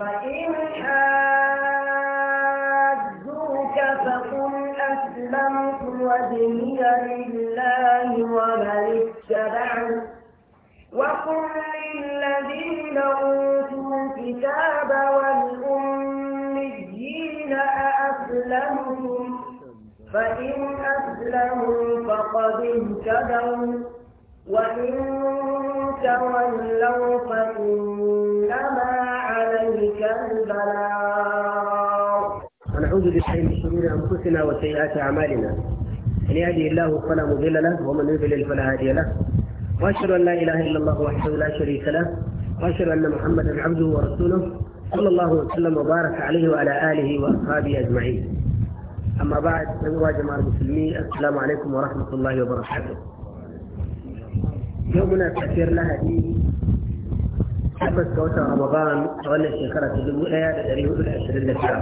فإن حاجوك فقل أسلمت وجهي لله ومن اتبعني وقل للذين أوتوا الكتاب والأميين أأسلمتم فإن أسلموا فقد اهتدوا وإن تولوا فإنما البلاغ ونعوذ بالله من شرور أنفسنا وسيئات أعمالنا من يهدي الله فلا مضل له ومن يضلل فلا هادي له وأشهد أن لا إله إلا الله وحده لا شريك له وأشهد أن محمدا عبده ورسوله صلى الله وسلم وبارك عليه وعلى آله وأصحابه أجمعين أما بعد أيها جماعة المسلمين السلام عليكم ورحمة الله وبركاته يومنا كثير لها دي tabbas ga watan Ramadan a wannan shekara ta dubu ɗaya da dari hudu da ashirin da tara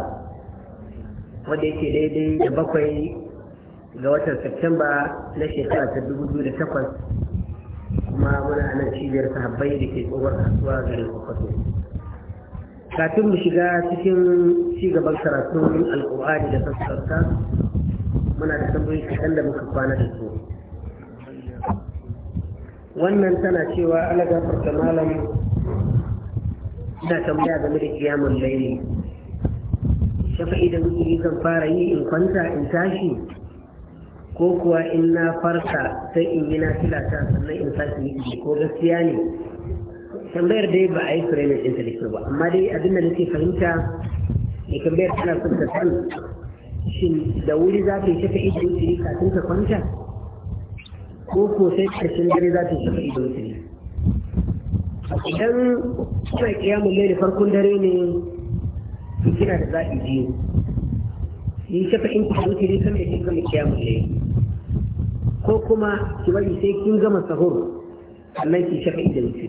wanda yake daidai da bakwai ga watan Satumba na shekara ta dubu biyu da takwas kuma muna nan cibiyar sahabbai da ke tsohuwar kasuwa garin Kwakwato. Kafin mu shiga cikin ci gaban karatun Alƙur'ani da sassarta muna da tambayi kaɗan da muka kwana da su. Wannan tana cewa ala gafarta malam ina tambaya game da kiyamun laili shafa'i da yi zan fara yi in kwanta in tashi ko kuwa in na farka sai in yi na filata sannan in sake yi ko gaskiya ne tambayar dai ba a yi firayin ɗinta da ba amma dai abin da nake fahimta ne tambayar tana son ta san shin da wuri za ta yi shafa'i idan wuri kafin ka kwanta ko ko sai ƙarshen dare za ta yi shafa'i idan wuri idan suna kiyamun laili farkon dare ne su kina da zaɓi biyu yi shafa in kuma wuce ne sama yake kama kiyamun laili ko kuma ki bari sai kin gama sahur sannan ki shafa inda wuce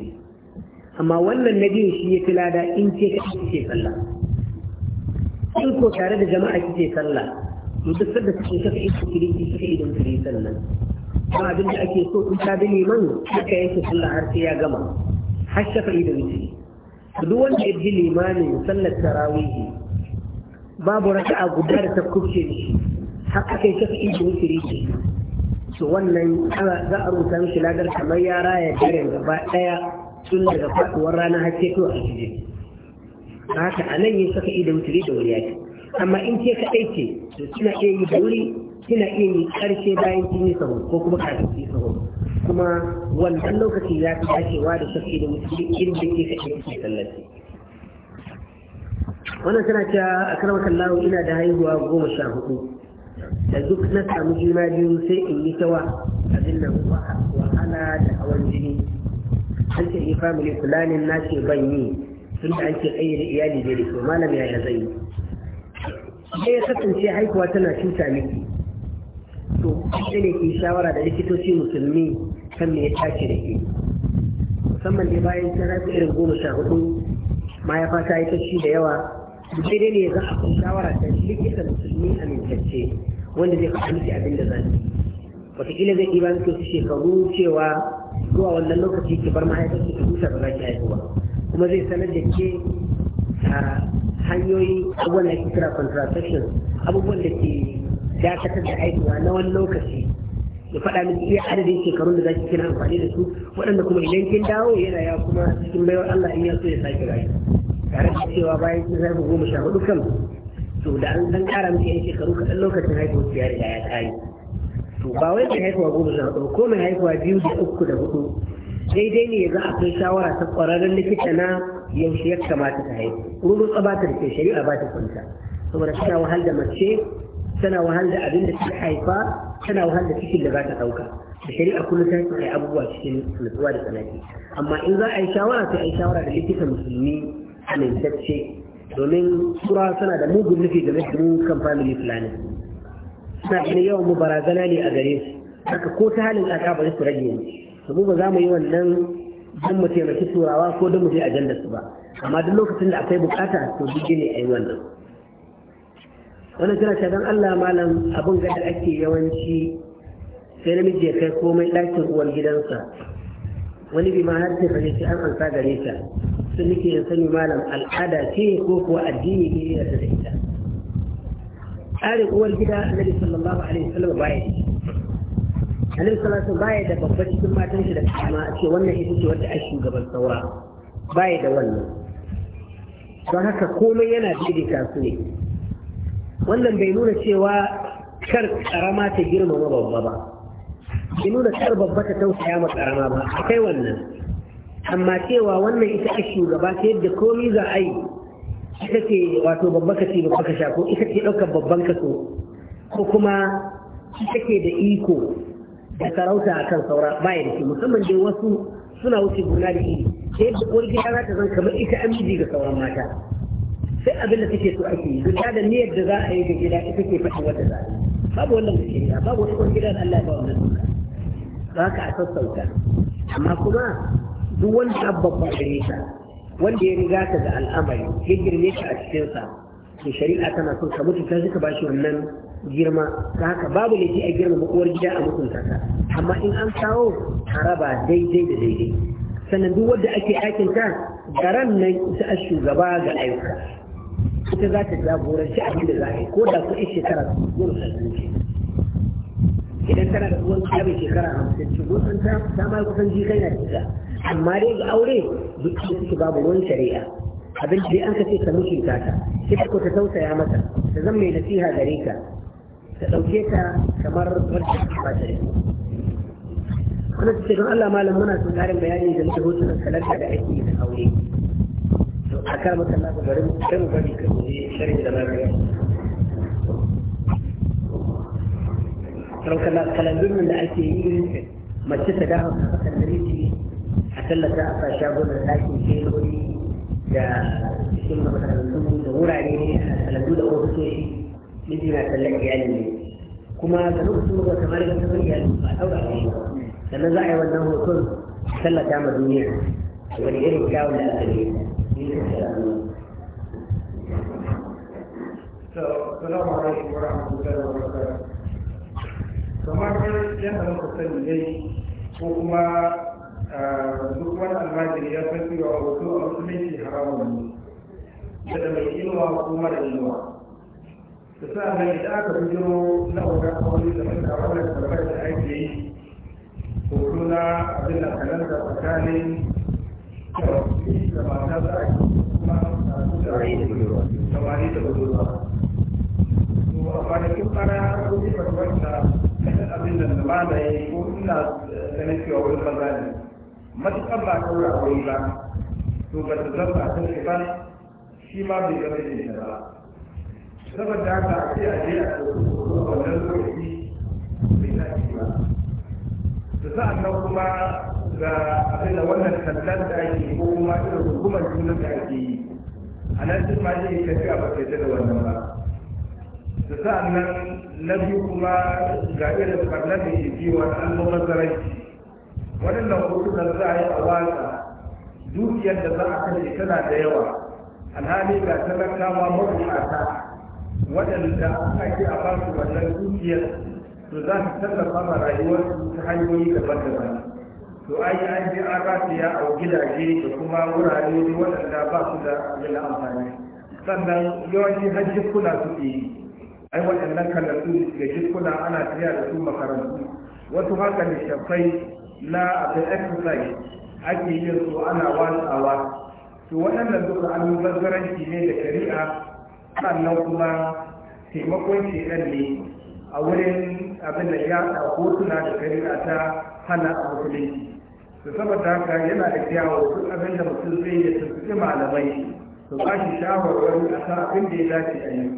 amma wannan na biyu shi ya fi lada in ce ka kike sallah in ko tare da jama'a kike sallah to duk sanda kusa shafa in kiri ki shafa idan kike sallah kuma abinda ake so in ta bi neman kika yanke sallah har sai ya gama har shafa'i da wuce duk wanda ya bi limamin sallar tarawihi babu raka'a guda da ta kubce haka kai aka yi shafa'i da wuce to wannan za a rubuta mishi ladar kamar yara ya dare gaba daya tun daga faduwar rana har sai to a jije haka a nan yin saka da wuce da wuri yaki amma in ce kaɗai ce to kina iya yi da wuri kina iya yi ƙarshe bayan kin yi ko kuma kafin kin yi kuma wannan lokaci ya fi dacewa da shafi da musulmi irin da ke kashe ke sallaci wannan tana cewa a karamakan lawo ina da haihuwa goma sha hudu da duk na samu juna biyu sai in yi tawa abin nan wahala da hawan jini an ce yi family planning na ce ban yi tun da an ce iyali da to malam yaya zai yi sai ya kasance haihuwa tana cuta miki to kuma ne ke shawara da likitoci musulmi kan me ya tashi da ke musamman dai bayan ta rafi irin goma sha hudu ma ya fata yi tashi da yawa sai dai ne ya za a kun shawara da likita musulmi amintacce wanda zai faɗa miki abin da za ki wataƙila zai ɗiba miki wasu shekaru cewa zuwa wannan lokaci ki bar ma'aikatar ki huta ba za ki haihuwa kuma zai sanar da ke a ah, hanyoyi abubuwan da ke kira contraception abubuwan da ke dakatar da haihuwa na wani lokaci ya faɗa min iya adadin shekarun da zaki kina amfani da su waɗanda kuma idan kin dawo yana ya kuma cikin baiwar Allah in ya so ya sake rayu tare da cewa bayan kin haihu goma sha hudu kan to da an san ƙara miki yan shekaru kaɗan lokacin haihuwa ya riga ya kare to ba wai mai haihuwa goma sha hudu ko mai haihuwa biyu da uku da hudu daidai ne ya ga akwai shawara ta ƙwararren likita na yaushe ya kamata ta haihu rubu tsaba ta da ke shari'a ba ta kwanta saboda suna wahal da mace tana wahal da abin da suke haifa tana wahal da cikin da za ta ɗauka da shari'a kullum ta kai abubuwa cikin nutsuwa da tsanaki amma in za a yi shawara sai a yi shawara da likita musulmi amintacce domin tura suna da mugun nufi game da mu kan family planning suna da yawan mu barazana ne a gare su haka ko ta halin tsaka ba su rage ne domin ba za mu yi wannan don mu taimaki turawa ko don mu je ajandar su ba amma duk lokacin da akwai bukata to duk ne a yi wannan wani tana ta don Allah malam abin ga da ake yawanci sai namiji ya kai komai ɗakin uwar gidansa wani bi ma har sai fahimci an ansa gare ta sun nake yin sani malam al'ada ce ko kuwa addini ne ya da ita tsarin uwar gida annabi sallallahu alaihi wasallam baya ne annabi sallallahu baya da babba cikin matan shi da kama a ce wannan ita ce wadda ake shugaban saura baya da wannan don haka komai yana daidaita su ne wannan bai nuna cewa kar karama ta girmama babba ba bai nuna kar babba ta tausaya ma karama ba akai wannan amma cewa wannan ita a shugaba ta yadda komi za a yi ita ce wato babba ka ce babba ka sha ko ita ce ɗaukar babban kaso ko kuma ita ce da iko da sarauta a kan saura baya da shi musamman dai wasu suna wuce gona da iri ta yadda uwar gida zata ta zan kamar ita amiji ga sauran mata Sai abin da take so ake yi da niyyar da za a yi ga gida ita ke faɗi wata za a yi babu wannan da shari'a babu wani gidan Allah ba wannan doka ba ka a sassauta amma kuma duk wanda babba gare wanda ya riga ka ga al'amari ya girme ka a cikinsa to shari'a tana son ka mutu shi ba bashi wannan girma ta haka babu laifi a girma uwar gida a mutunta ta amma in an kawo haraba daidai da daidai sannan duk wanda ake aikin ta garan nan ita a shugaba ga ayyuka ita za ta jagoranci abin da za a yi ko da kuɗin shekara su, zuwa sarki idan tana da uwan abin shekara hamsin ci gudun ta ta ma kusan ji kai na cika amma dai ga aure duk da suke babu ruwan shari'a abin da an kace ta mutunta ta sai ko ta tausaya mata ta zan mai nasiha gare ka ta ɗauke ta kamar wanda ta ba ta wannan ce don Allah malam muna son ƙarin bayani da mutum hotunan kalarta da ake yi da aure a kan masana ku bari kan bari ka yi sharhi da lafiya sauka na kalandun da ake yi mace ta dawo a kan namiji a tallata a sa shagunan ɗakin sheloli da cikin makarantu da wurare ne a kalandu da ofisoshi miji na tallan iyali ne kuma ga lokacin da kamar da kamar iyali ba ɗaura ne sannan za a yi wannan hoton tallata ma duniya wani irin kyawun da aka yi السلام عليكم ورحمة الله وبركاته kamar yadda muka sani dai ko kuma duk wani almajiri ya san cewa hoto a musulunci haramun ne da mai inuwa ko mara inuwa da sa nan idan aka fito na wajen kawai da mai tawarar karbar da ake yi hoto na abin da kalanta tsakanin kwanakin fara kudi farfarta kasar abin da ba da ya yi ko ina ganin cewa wani banza ne matuƙar ba ta wura wani ba to ba ta zama a kan ba shi ma bai da shi ba saboda haka a ce a je a wannan lokaci bai na ba da sa'an nan kuma ga abin da wannan tattalin da ake ko kuma irin hukumar juna da ake yi a nan duk ma ne tafiya ba ta da wannan ba da sa'an nan na biyu kuma ga irin farnar da ke biyu wani al'ummar zaranci waɗannan hotunan za a yi a watsa dukiyar da za a kashe tana da yawa alhali ga talakawa mabukata waɗanda ake a basu wannan dukiyar to za su tallafa ma rayuwarsu ta hanyoyi daban-daban to ai an bi an a gidaje da kuma wurare waɗanda ba su da abin amfani sannan yawanci haji su suke yi ai waɗannan kallatu da jikuna ana tafiya da su makarantu wasu haka shafai na abin exercise ake yin su ana watsawa to waɗannan duka an zazzaranci ne da shari'a sannan kuma taimakon shekan ne a wurin abin da ya hotuna da shari'a ta hana a musulunci to saboda haka yana da kyawo duk abin da mutum zai ya tuntuɓi malamai su ba shi shawarwari a kan abin da ya dace a yi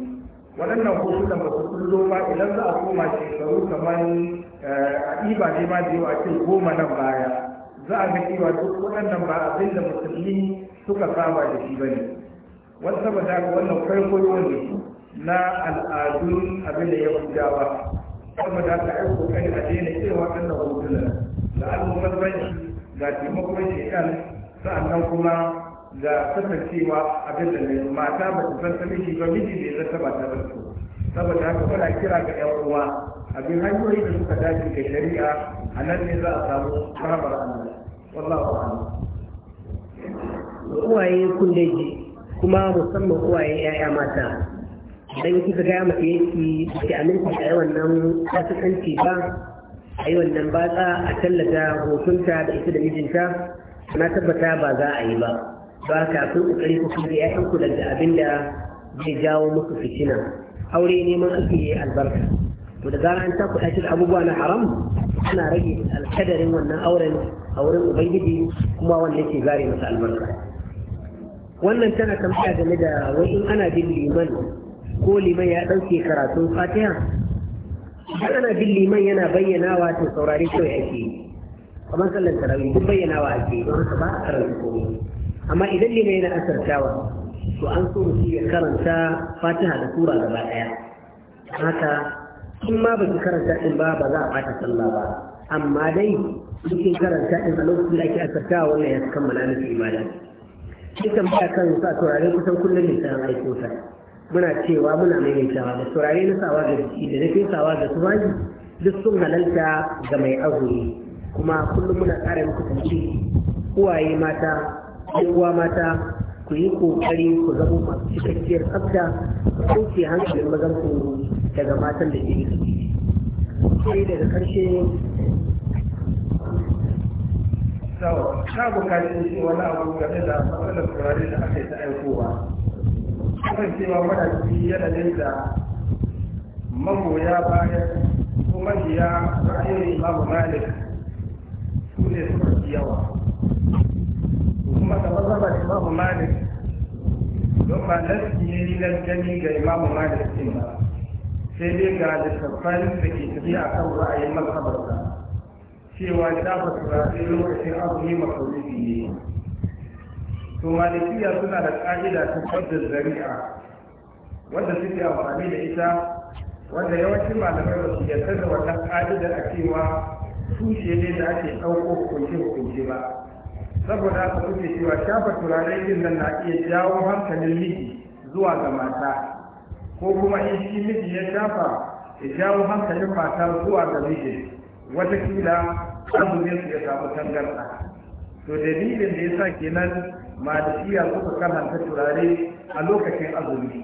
waɗannan hotunan ba su kullo ba idan za a koma shekaru kamar eh, a ɗiba ne ma da yawa cin goma nan baya za a ga cewa duk waɗannan ba abin da musulmi suka saba da shi ba ne wani saboda haka wannan kwaikwayo ne na al'adun abin da ya gudawa saboda haka ai kokari a daina cewa waɗannan hotunan da al'ummar banki ga taimakon shekan sa'annan kuma ga kasancewa abin da ne mata ba ta san shi ba miji ne zata ba ta zarto saboda haka kuna kira ga yan uwa abin hanyoyi da suka dace ga shari'a a nan ne za a samu karamar annabi wallahu a'lam uwaye kun daji kuma musamman uwaye ya'ya mata Dan kika ga mace yake ki aminta a yawan nan kasasanci ba a yi wannan batsa a tallata hotunta da ita da mijinta na tabbata ba za a yi ba ba kafin kokari ku kuma ya'yan ku daga abin da zai jawo muku fitina aure neman ake yi albarka to da zarar an taku shi da abubuwa na haram ana rage alkadarin wannan auren a wurin ubangiji kuma wanda ke zare masa albarka wannan tana tambaya game da wai in ana bin liman ko liman ya ɗauke karatun fatiha har ana bin liman yana bayyanawa to ta kawai ake yi kamar sallan tarawih duk bayyanawa ake yi don haka ba a karanta komai amma idan liman yana asartawa to an so mutum ya karanta fatiha da sura gaba daya haka in ma ba ki karanta din ba ba za a bata sallah ba amma dai cikin karanta din a lokacin da ake asartawa wannan ya kammala nufi ibada. Cikin ba kan sa turare kusan kullum ne sai an aiko sa. muna cewa muna maimaitawa da turare na sawa ga jiki da nufin sawa ga tufafi duk sun halalta ga mai azumi kuma kullum muna ƙara muku tanci uwaye mata uwa mata ku yi ƙoƙari ku zama masu cikakkiyar tsafta ku kauce hankalin mazan ku daga matan da ke yi sai daga ƙarshe na bukaci wani abu game da matsalar turare da aka yi ta aikowa kasancewa marashi yanayin da magoya bayan ko mabiya ra'ayoyin mu malik su ne suka fi yawa kuma da mazhabar mu malik don ba su ne ni nan gani ga imamu malik ɗin ba sai dai ga littattafan da ke tafiya a kan ra'ayin mazhabarsa cewa shafa turare lokacin azumi masarufi ne to malikiya suna da ƙa'ida ta fadar zari'a wanda suke amfani da ita wanda yawancin malamai ba su yarda da wannan ƙa'ida a cewa tushe ne da ake ɗauko kunce-kunce ba saboda haka suke cewa shafa turare yin nan na iya jawo hankalin miji zuwa ga mata ko kuma in shi miji ya shafa ya jawo hankalin mata zuwa ga miji an zube su ya samu tangarɗa to dalilin da ya sa kenan malikiya suka kamanta turare a lokacin azumi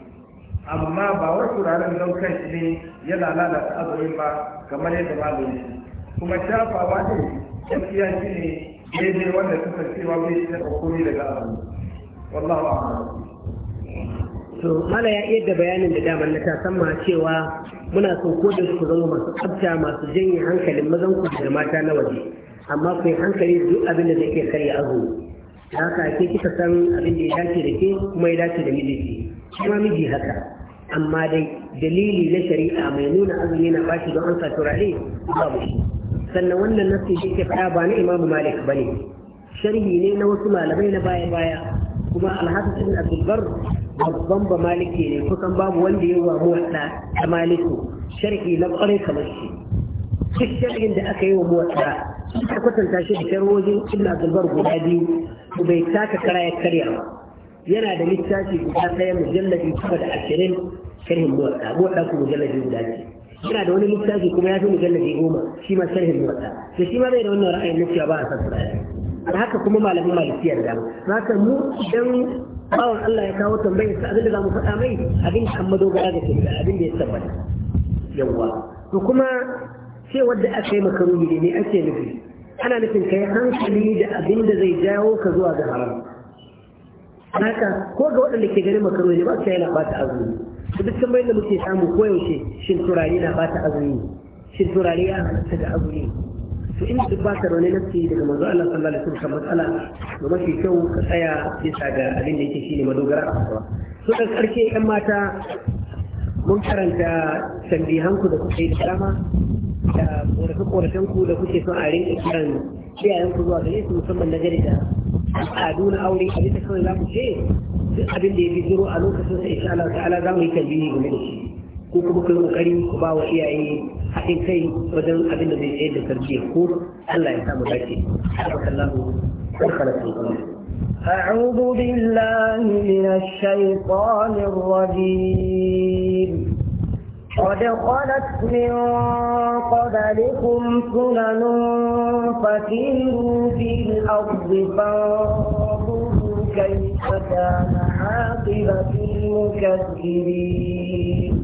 amma ba wa turaren don shi ne ya lalata azumin ba kamar yadda malami kuma shafawa ne gaskiya shi ne daidai wanda suka cewa bai shi da komai daga azumi wallahu a'lam to mala ya iya da bayanin da damar na tasamma cewa muna so ko da ku zama masu tsabta masu janye hankalin mazan ku da mata na waje amma ku yi hankali duk abin da zai iya karya azumi Na haka ke kika san abin da ya dace da ke kuma ya dace da mijinki kuma miji haka amma dai dalili na shari'a mai nuna azumi na bashi don an turare babu shi sannan wannan nasu shi ke faɗa ba na imamu malik ba ne sharhi ne na wasu malamai na baya baya kuma alhassan ibn abdulbar babban ba maliki ne kusan babu wanda ya wamu wata ta maliku sharhi na ƙwarai kamar shi duk sharhin da aka yi wa muwatta aka kwatanta shi da sharhojin ibn abdulbar guda biyu to bai taka kara ya karya ba yana da littafi guda ɗaya mujallabi kuma da ashirin sharhin muwatta muwatta ku mujallabi guda ce yana da wani littafi kuma ya fi mujallabi goma shi ma sharhin muwatta to shi ma bai da wannan ra'ayin na ba a sassara da haka kuma malamin malikiyar da Na san mu idan bawan Allah ya kawo tambayar sa abin da za mu faɗa mai abin da an madogara da shirya abin da ya tabbata yawwa to kuma ce wadda aka yi makaruni ne ake nufi ana nufin ka yi hankali da abin da zai jawo ka zuwa ga haram haka ko ga waɗanda ke ganin makaro ne ba su yana bata azumi su duk bayan da muke samu koyaushe shin turare na bata azumi shin turare ya halatta da azumi to in duk ba ta rauni nafsi daga manzo Allah sallallahu alaihi wasallam matsala da mafi kyau ka tsaya bisa ga abin da yake shine madogara a kasuwa so da karshe yan mata mun karanta hanku da kuka yi dama korafe-korafen ku da kuke son a rinka kiran kiyayen ku zuwa gare su musamman na gari da al'adu na aure a bisa kawai za ku ce duk abin da ya fi zuro a lokacin sa insha Allah ta'ala za mu yi kalbini game da shi ko kuma ku yi kokari ku ba wa iyaye haɗin kai wajen abin da zai tsaye da tarbiyya ko Allah ya samu dace subhanahu wa أعوذ بالله من الشيطان الرجيم قد خلت من قبلكم سنن فكيروا في الأرض فانظروا كيف كان عاقبة المكذبين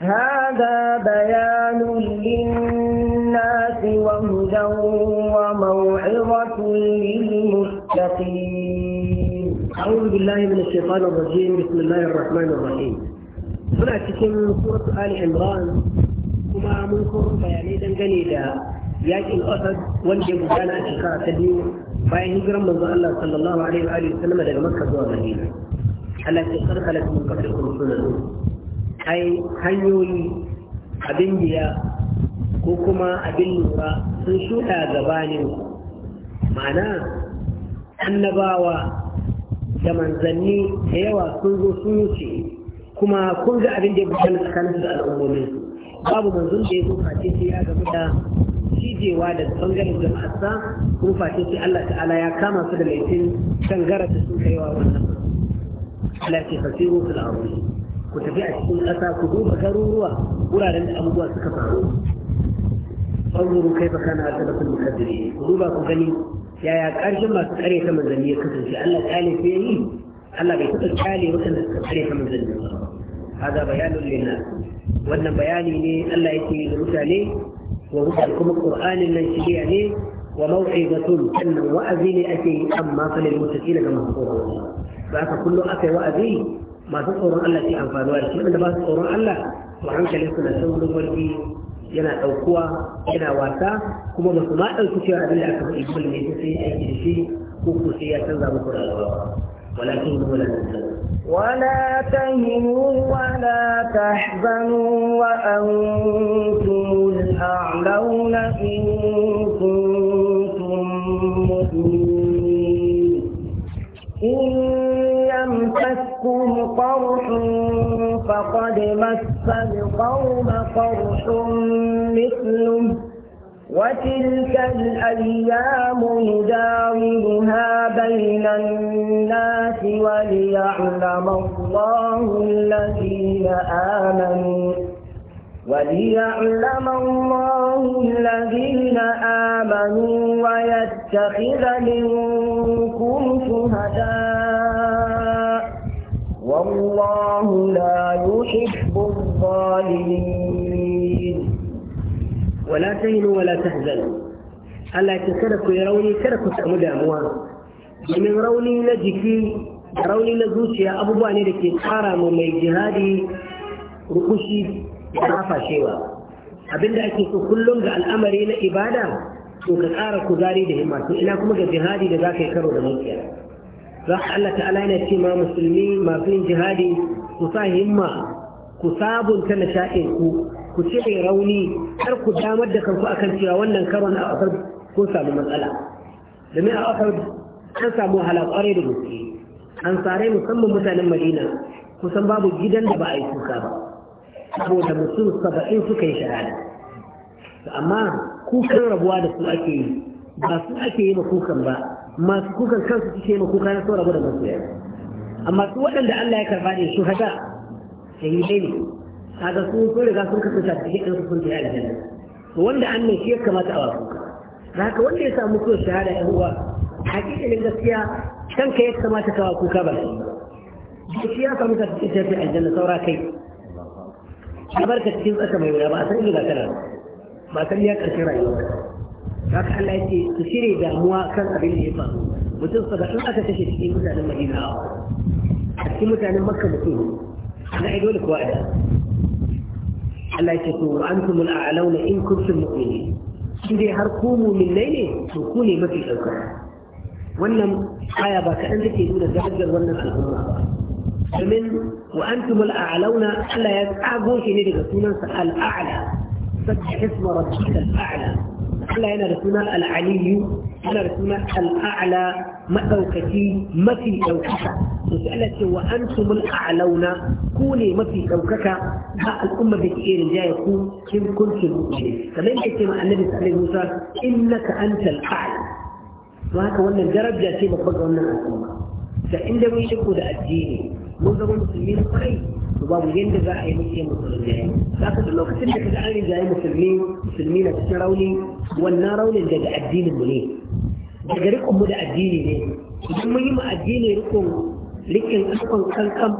هذا بيان للناس وهدى وموعظة للمتقين أعوذ بالله من الشيطان الرجيم بسم الله الرحمن الرحيم suna cikin suratu ali imran kuma mun kuma bayanai dangane da yakin asad wanda ya gudana a shekara ta biyu bayan hijiran manzon Allah sallallahu alaihi wa alihi wasallam daga makka zuwa madina Allah ya karkala min kafirkum sunan ai hanyoyi abin biya ko kuma abin lura sun shuɗa gabanin ma'ana annabawa da manzanni da yawa sun zo sun wuce kuma kun ga abin da ya gudana tsakanin da al'ummomin su babu manzon da ya zo face sai ya gamu da cijewa da bangaren jama'arsa kuma face sai Allah ta'ala ya kama su da laifin shangara da sun kaiwa wannan Allah ce fasiru fil ardi ku tafi a cikin ƙasa ku duba garuruwa wuraren da abubuwa suka faru fanzuru kai fa kana alƙalatul mukaddiri ku duba ku gani yaya ƙarshen masu ƙare ta manzanni ya kasance Allah ta ya yi Allah bai taɓa kyale waɗanda suka kare ta manzannin sa haza bayanun wannan bayani ne Allah yake yi da mutane wa mutane kuma qur'anin nan shi ne wa maw'idatun sannan wa'azi ne ake yi amma fa lil muttaqina ga masu tsoron ba ka kullum aka yi wa'azi masu tsoron Allah ke amfanuwa da shi wanda ba su tsoron Allah to hankalin suna saurin warki yana ɗaukuwa yana wasa kuma ba su ma ɗauki cewa abin da aka faɗi dole ne sai ya aiki da shi ko ko sai ya canza muku rayuwa ولا تهنوا ولا تحزنوا ولا تهنوا ولا تحزنوا وأنتم الأعلون إن كنتم مؤمنين إن يمسكم قرح فقد مس القوم قرح مثله وتلك الأيام نداولها بين الناس وليعلم الله الذين آمنوا وليعلم الله الذين آمنوا ويتخذ منكم شهداء والله لا يحب الظالمين wala tahinu wala tahzanu Allah ya kada ku yi rauni kada ku samu damuwa domin rauni na jiki da rauni na zuciya abubuwa ne da ke ƙara mu mai jihadi rukushi da hafashewa abinda ake so kullum ga al'amari na ibada to ka ƙara kuzari da himma ina kuma ga jihadi da za ka yi karo da mukiya za ka Allah ta'ala yana ce ma musulmi masu yin jihadi ku sa himma ku sabunta nishaɗin ku ku cire rauni kar ku damar da kanku akan cewa wannan karon a asar ko samu matsala domin a asar an samu wahala kwarai da gaske an sare musamman mutanen madina kusan babu gidan da ba a yi kuka ba saboda mutum saba'in suka yi shahada amma kukan rabuwa da su ake yi ba su ake yi ma kukan ba masu kukan kansu suke ma kuka na sauraba rabu da masoya amma su waɗanda Allah ya karɓa ne shuhada shahidai ne kaga su sun riga sun kasance a cikin ɗan sun tafi aljanna wanda an ne shi ya kamata a wasu da haka wanda ya samu kuwa shahada ya uwa hakikalin gaskiya can ka ya kamata ka waku ka ba shi shi ya samu ka cikin a aljanna saura kai Ya barka cikin tsaka mai wuya ba a san inda za ba a san ya ƙarshen rayuwa ba. haka Allah ya ce su shirya damuwa kan abin da ya faru mutum saba'in aka kashe cikin mutanen Madina a cikin mutanen Makka mutum na ido da a da حلاكتو وأنتم الأعلون إن كنتم مؤمنين إذا هركوموا من ليلة تكوني مكي أكبر ونم حيا آية باك أنك يدون الزحجر ونم الأمر فمن وأنتم الأعلون ألا يتعبوا في نيلة رسولا سأل أعلى فتح اسم ربك الأعلى ألا ينا رسولا العلي ا ل ر ما م ه ا في أ و ك ك ا كوني ما في أ و ك ك ا ها ا ل أ م ة بكير جاء المؤمنين فمن حكم النبي صلى الله عليه وسلم إنك أنت الأعلى أ ن ت ا ل أ ع ل ى وهكذا الجرب جاتي مفضل وانا ا فان لم يشكوا الدين منذ المسلمين خير وباب ينبغي ان يكون مسلمين لكن لو الوقت الذي تدعي جاي مسلمين مسلمين تشرولي wannan raunin daga addinin mu ne daga rikon mu da addini ne idan mun yi ma addini rikon rikin rikon kankan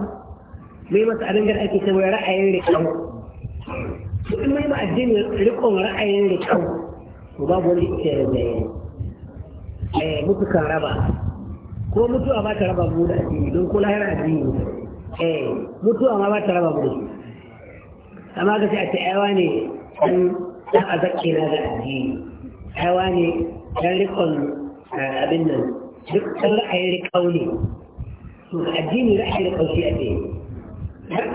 mai masa abin da ake cewa ra'ayin rikon idan mun yi ma addini rikon ra'ayin rikon to babu wani ke da eh, mutu kan raba ko mutuwa ba ta raba mu da addini don ko lahira addini eh mutuwa ma ba ta raba mu da shi amma ga sai a ce aiwa ne dan a bacci na da addini hawa ne dan rikon abin nan duk kan ra'ayin rikau ne to addini ra'ayin rikau shi ake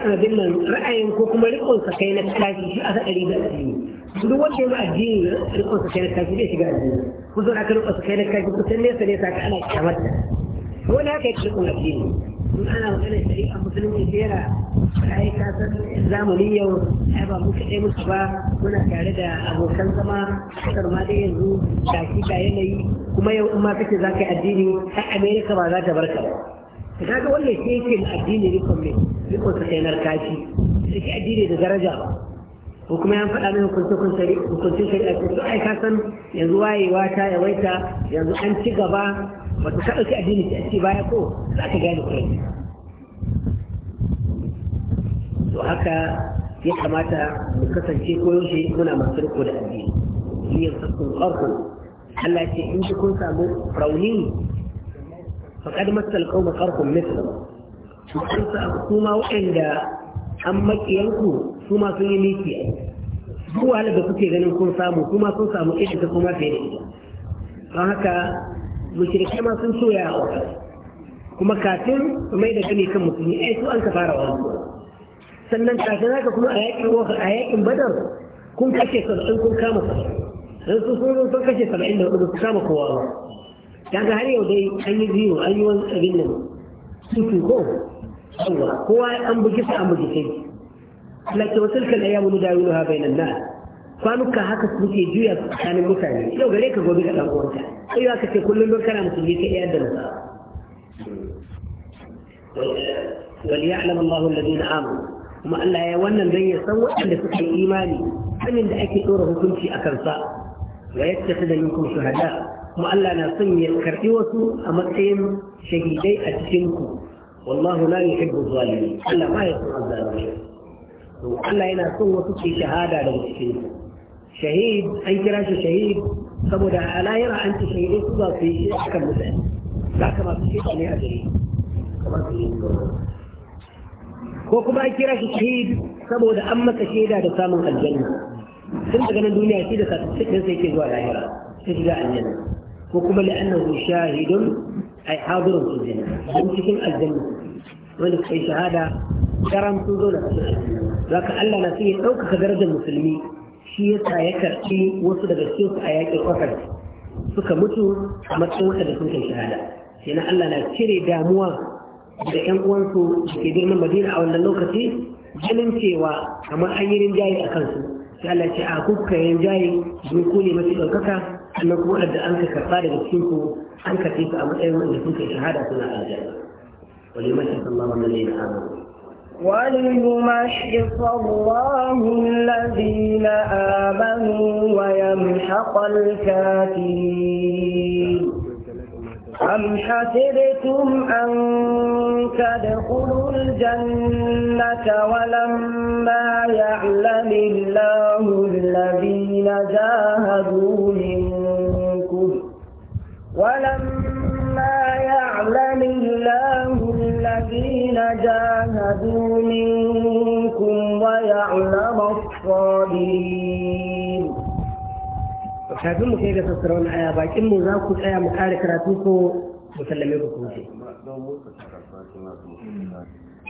abin nan ra'ayin ko kuma rikon sa kai na tashi shi a haɗari da addini duk wanda ya addini rikon sa kai na tashi zai shiga addini ku zo na ka rikon sa kai na tashi kusan nesa nesa ka ana kyamata wani haka ya ci rikon addini in ana magana shari'a musulmi jera ai ka san zamani yau ai ba muka ɗaya musu ba muna tare da abokan zama kasar ma dai yanzu ga shi ga yanayi kuma yau in ma kake za ka yi addini ai amerika ba za ta bar ka ba kaga wannan shi yake mu addini rikon mai rikon sa kai narkashi sai shi addini da daraja ba ko kuma ya faɗa min hukuncin shari'a ko ai ka san yanzu wayewa ta yawaita yanzu an ci gaba wato ka ɗauki addini ta ce baya ko za ka gane ƙwarai to haka ya kamata mu kasance koyaushe muna masu riko da addini in yin sassun ƙarfi Allah ce in ji kun samu rauni kad masal ƙauma ƙarfin misal to kun sa kuma waɗanda an maƙiyanku su ma sun yi miki duk wahalar da kuke ganin kun samu kuma sun samu ita ta kuma fiye da don haka mushrikai ma sun soya a wata kuma kafin su mai da gani kan musulmi ai su an ka fara wani sannan kafin haka kuma a yakin waka a yakin badar kun kashe saba'in kun kama saba'in sun su sun sun kashe saba'in da hudu ba su kama kowa ba daga har yau dai an yi biyu an yi wani abin nan tutu ko kowa an bugi sa an bugi sai lakin wasu kan ayyamu da dawo ha bainan nas kwanuka haka suke juya tsakanin mutane yau gare ka gobe ga ɗan uwanka sai ya ce kullum don kana musulmi ka yadda na sa wal ya'lam Allahu alladhina amanu kuma Allah ya wannan dan ya san waɗanda suka yi imani Amin da ake dora hukunci a kansa wa yattakhidha minkum shuhada kuma Allah na son ya karbi wasu a matsayin shahidai a cikin ku wallahu la yuhibbu zalimin Allah ba ya son azzalimi Allah yana son wasu ke shahada da cikin ku شهيد أي كراش شهيد فمدى ألا يرى أنت شهيد يقضى في أحكم مثل لا كما تشهد أني أدري كما تشهد وكما أي كراش شهيد فمدى أما تشهد هذا سامن الجنة ثم تقنى الدنيا سيدة تتسكن سيكي جوا الآخرة تجد الجنة وكما لأنه شاهد أي حاضر في الجنة ومسكن الجنة ولك أي شهادة كرم تزول ذاك الله نسيه أوك كدرجة المسلمين shi yasa ya karɓi wasu daga cikin su a yakin ofar suka mutu a matsayin waɗanda sun shahada sai na Allah na cire damuwa da ƴan uwansu da ke Madina a wannan lokaci ganin cewa kamar an yi rinjaye a kansu sai Allah ce a kuka rinjaye don ku ne mafi ɗaukaka sannan kuma waɗanda an ka karɓa daga cikin ku an karɓe su a matsayin waɗanda sun shahada suna aljanna wani mashi sallallahu alaihi wa sallam وليمحص الله الذين آمنوا ويمحق الكافرين أم حسبتم أن تدخلوا الجنة ولما يعلم الله الذين جاهدوا منكم ولما يعلم الله الذين جاهدوا منكم ويعلم الصابرين kafin mu kai ga sassara wani aya bakin mu za ku tsaya mu kare karatu ko mu sallame ku ku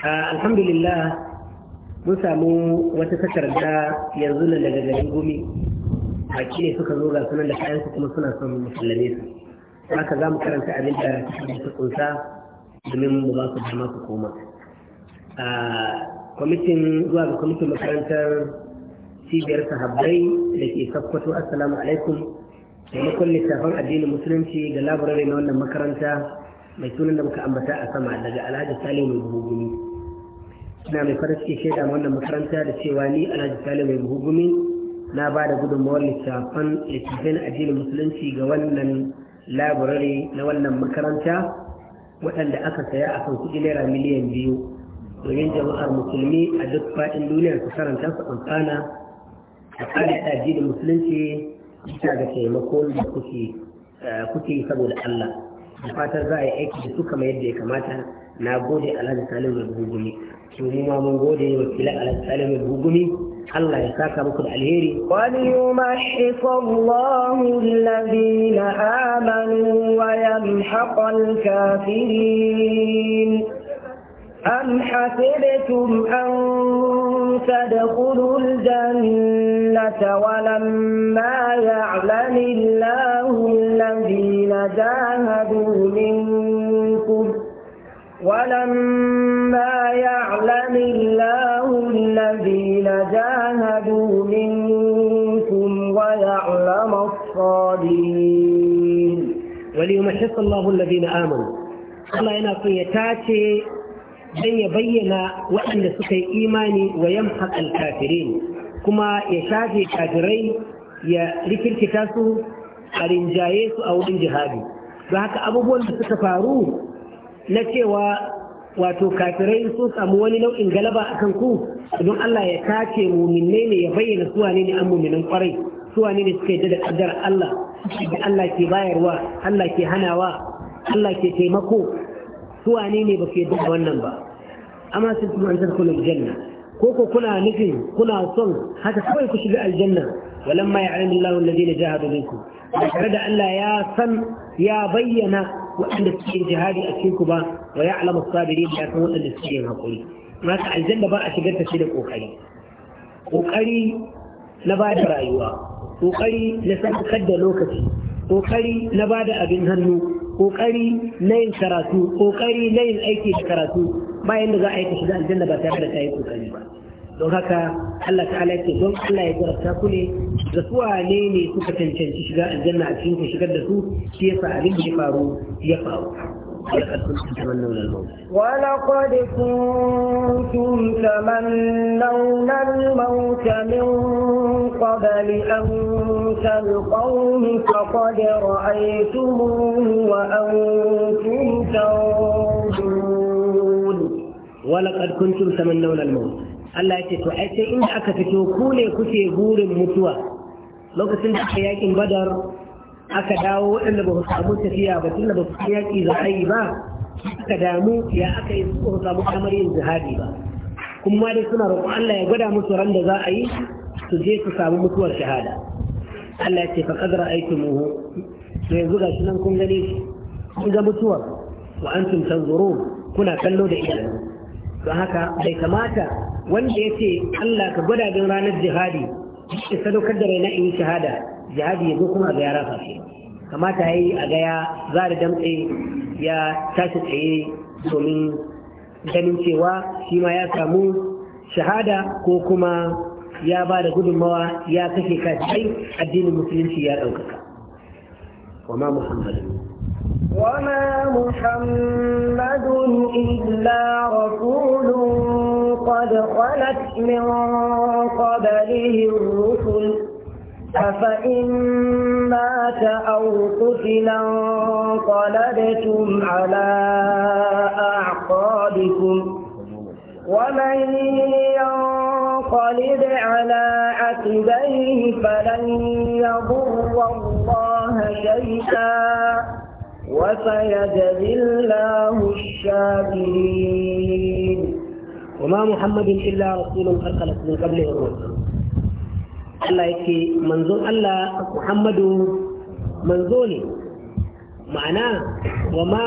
alhamdulillah mun samu wata takarda yanzu nan daga garin gumi baki ne suka zo ga sunan da kayan su kuma suna son mu sallame su haka za mu karanta abin da ta kunsa domin mu su dama su koma a kwamitin zuwa ga kwamitin makarantar cibiyar sahabbai da ke sakkwato assalamu alaikum taimakon littafin addinin musulunci ga laburari na wannan makaranta mai sunan da muka ambata a sama daga alhaji sale mai buhugumi ina mai farin ciki shaida wannan makaranta da cewa ni alhaji sale mai buhugumi na ba da gudunmawar littafin littafin addinin musulunci ga wannan laburari na wannan makaranta waɗanda aka saya a kan kuɗi naira miliyan biyu domin jama'ar musulmi a duk faɗin duniyar su karanta su amfana a kare musulunci bisa ga taimakon da kuke eh, yi saboda Allah da fatan za a yi aiki da su kamar yadda ya kamata na gode alhaji salim al bugumi su mu mun gode wakilan alhaji salim mai gugumi الله يساك saka الهيري وليمحص الله الذين آمنوا ويمحق الكافرين أم حسبتم أن تدخلوا الجنة ولما يعلم الله الذين جاهدوا منكم ولما يعلم الله الذين جاهدوا منكم ويعلم الصادقين وليمحص الله الذين آمنوا الله هنا في يتاتي بين يبين وأن سكي إيماني ويمحق الكافرين كما يشاهد يا لكل الكتاب ارنجايس أو الانجهاد وهكذا أبو بول na cewa wato kafirai sun samu wani nau'in galaba a kan ku don Allah ya tace muminai ne ya bayyana su wane ne an muminan kwarai su wane ne suka yi da kaddar Allah da Allah ke bayarwa Allah ke hanawa Allah ke taimako su wane ne ba su yadda wannan ba amma sun tuma an tarkula aljanna ko ko kuna nufin kuna son haka kawai ku shiga aljanna walamma ya'lamu Allahu alladhina jahadu minkum tare da Allah ya san ya bayyana waɗanda suke jihadi a cikin ku ba wa ya alama sabiri da ya waɗanda suke yin haƙuri maka aljanna ba a shigar ta da ƙoƙari ƙoƙari na ba da rayuwa ƙoƙari na sadakar da lokaci ƙoƙari na ba da abin hannu ƙoƙari na yin karatu ƙoƙari na yin aiki da karatu bayan da za a yi ta shiga aljanna ba tare da ta yi ƙoƙari ba don haka Allah ta'ala ya ce don Allah ya jarabta ku ne da su wane ne suka cancanci shiga aljanna a cikin ku shigar da su shi yasa abin da ya faru ya faru ولقد كنتم تمنون الموت من قبل أن تلقوه فقد رأيتموه وأنتم تنظرون ولقد كنتم تمنون الموت Allah ya ce to ai sai inda aka fito ku ne kuke burin mutuwa lokacin da aka yakin badar aka dawo waɗanda ba su samu tafiya ba tunda ba su yaki za a yi ba aka damu ya aka yi su samu kamar yin jihadi ba kuma dai suna roƙon Allah ya gwada musu ran da za a yi su je su samu mutuwar shahada Allah ya ce fa qadra aytumuhu to yanzu gashi nan kun gane kun ga mutuwar wa antum tanzurun kuna kallo da idanu don haka bai kamata wanda ya ce Allah ka gwada don ranar jihadi ya sadaukar da raina in yi shahada jihadi ya zo kuma a ga yara fashe kamata ya yi a gaya ya dan damtse ya tashi tsaye domin ganin cewa shi ma ya samu shahada ko kuma ya ba da gudunmawa ya kashe kashi addinin musulunci ya ɗaukaka wa ma وما محمد إلا قد خلت من قبله الرسل أفإن مات أو قتل انقلبتم على أعقابكم ومن ينقلب على عقبيه فلن يضر الله شيئا وسيجزي الله الشاكرين وما محمد إلا رسول قد خلت من قبله الرسل Allah yake ma'ana wa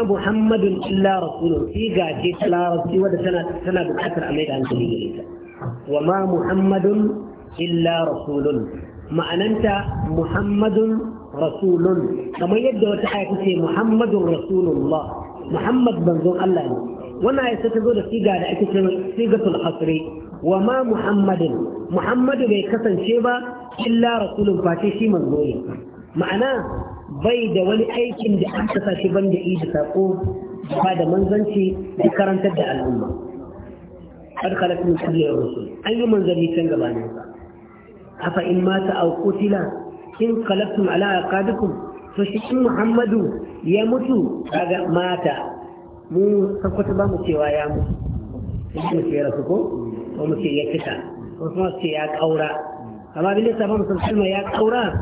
Muhammadun illa rasulun shi ga ce larabci wadda tana tana bukatar a mai da hankali gare ta wa Muhammadun illa rasulun ma'ananta Muhammadun rasulun kamar yadda wata aya ta Muhammadun rasulullah Muhammad manzon Allah ne wannan ayat ta zo da siga da ake cewa sigatul hasri wa ma muhammadin muhammadu bai kasance ba illa rasulun face shi manzo ne ma'ana bai da wani aikin da aka sa shi banda yi da ba da manzanci da karantar da al'umma adkhala fi kulli rusul an yi manzanni can gaba ne afa in mata aw qutila in qalabtum ala aqadikum to shi muhammadu ya mutu kaga mata mu sakwata ba mu cewa ya mu sai mu ce ya rasu ko ko mu ce ya fita ko kuma ce ya kaura amma bin da sabon musulmi ya kaura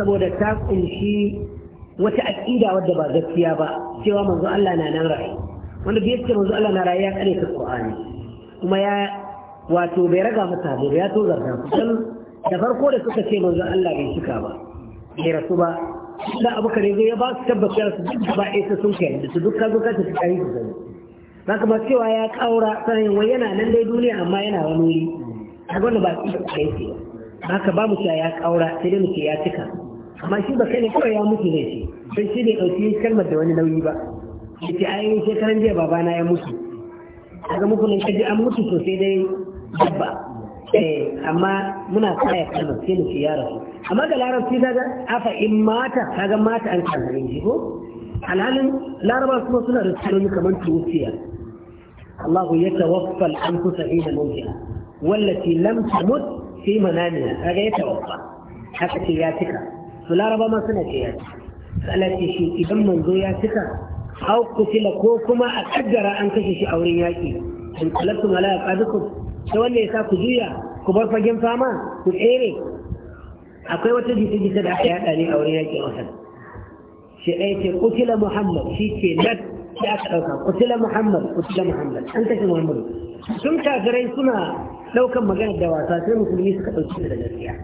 saboda ta kunshi wata aqida wadda ba gaskiya ba cewa manzo Allah na nan ra'ayi wanda bai ce manzo Allah na ra'ayi ya kare ta Qur'ani kuma ya wato bai raga mata ba ya to zarta kusan da farko da suka ce manzo Allah bai shika ba bai rasu ba da abu kare zai ya ba su tabbata su duk ba isa sun kai da su duk ka zo ka tafi kai su zai Ba kamar cewa ya kaura sanin wai yana nan dai duniya amma yana wani wuri a gwanda ba su kai ce ba ka ba mu cewa ya kaura sai dai mu ce ya cika amma shi ba kai ne kawai ya mutu ne shi sai shi ne ɗauki kalmar da wani nauyi ba shi ce yi shekaran jiya babana ya mutu kaga muku nan kaji an mutu sosai dai dabba eh, amma muna kaya kalmar sai mu ce ya rasu amma ga larabci kaga afa in mata kaga mata an kallarin shi ko alhalin laraba kuma suna da tsaroni kamar tuwusiya Allah ya tawaffa al-anfusa hina mawtiha Wallafi lam tamut fi manamiha kaga ya tawaffa haka ce ya cika su laraba ma suna ce ya cika Allah shi idan manzo ya cika au kutila ko kuma a kaddara an kashe shi a wurin yaƙi. in qalabtum ala aqabikum sai wanda ya sa ku juya ku bar fagen fama ku tsere akwai wata jita-jita da aka yada ne a wurin yakin wasan shi ɗaya ce kutila muhammad shi ke nan da aka ɗauka kutila muhammad kutila muhammad an tafi muhammadu sun kafirai suna ɗaukan maganar da wasa sai musulmi suka ɗauki da gaskiya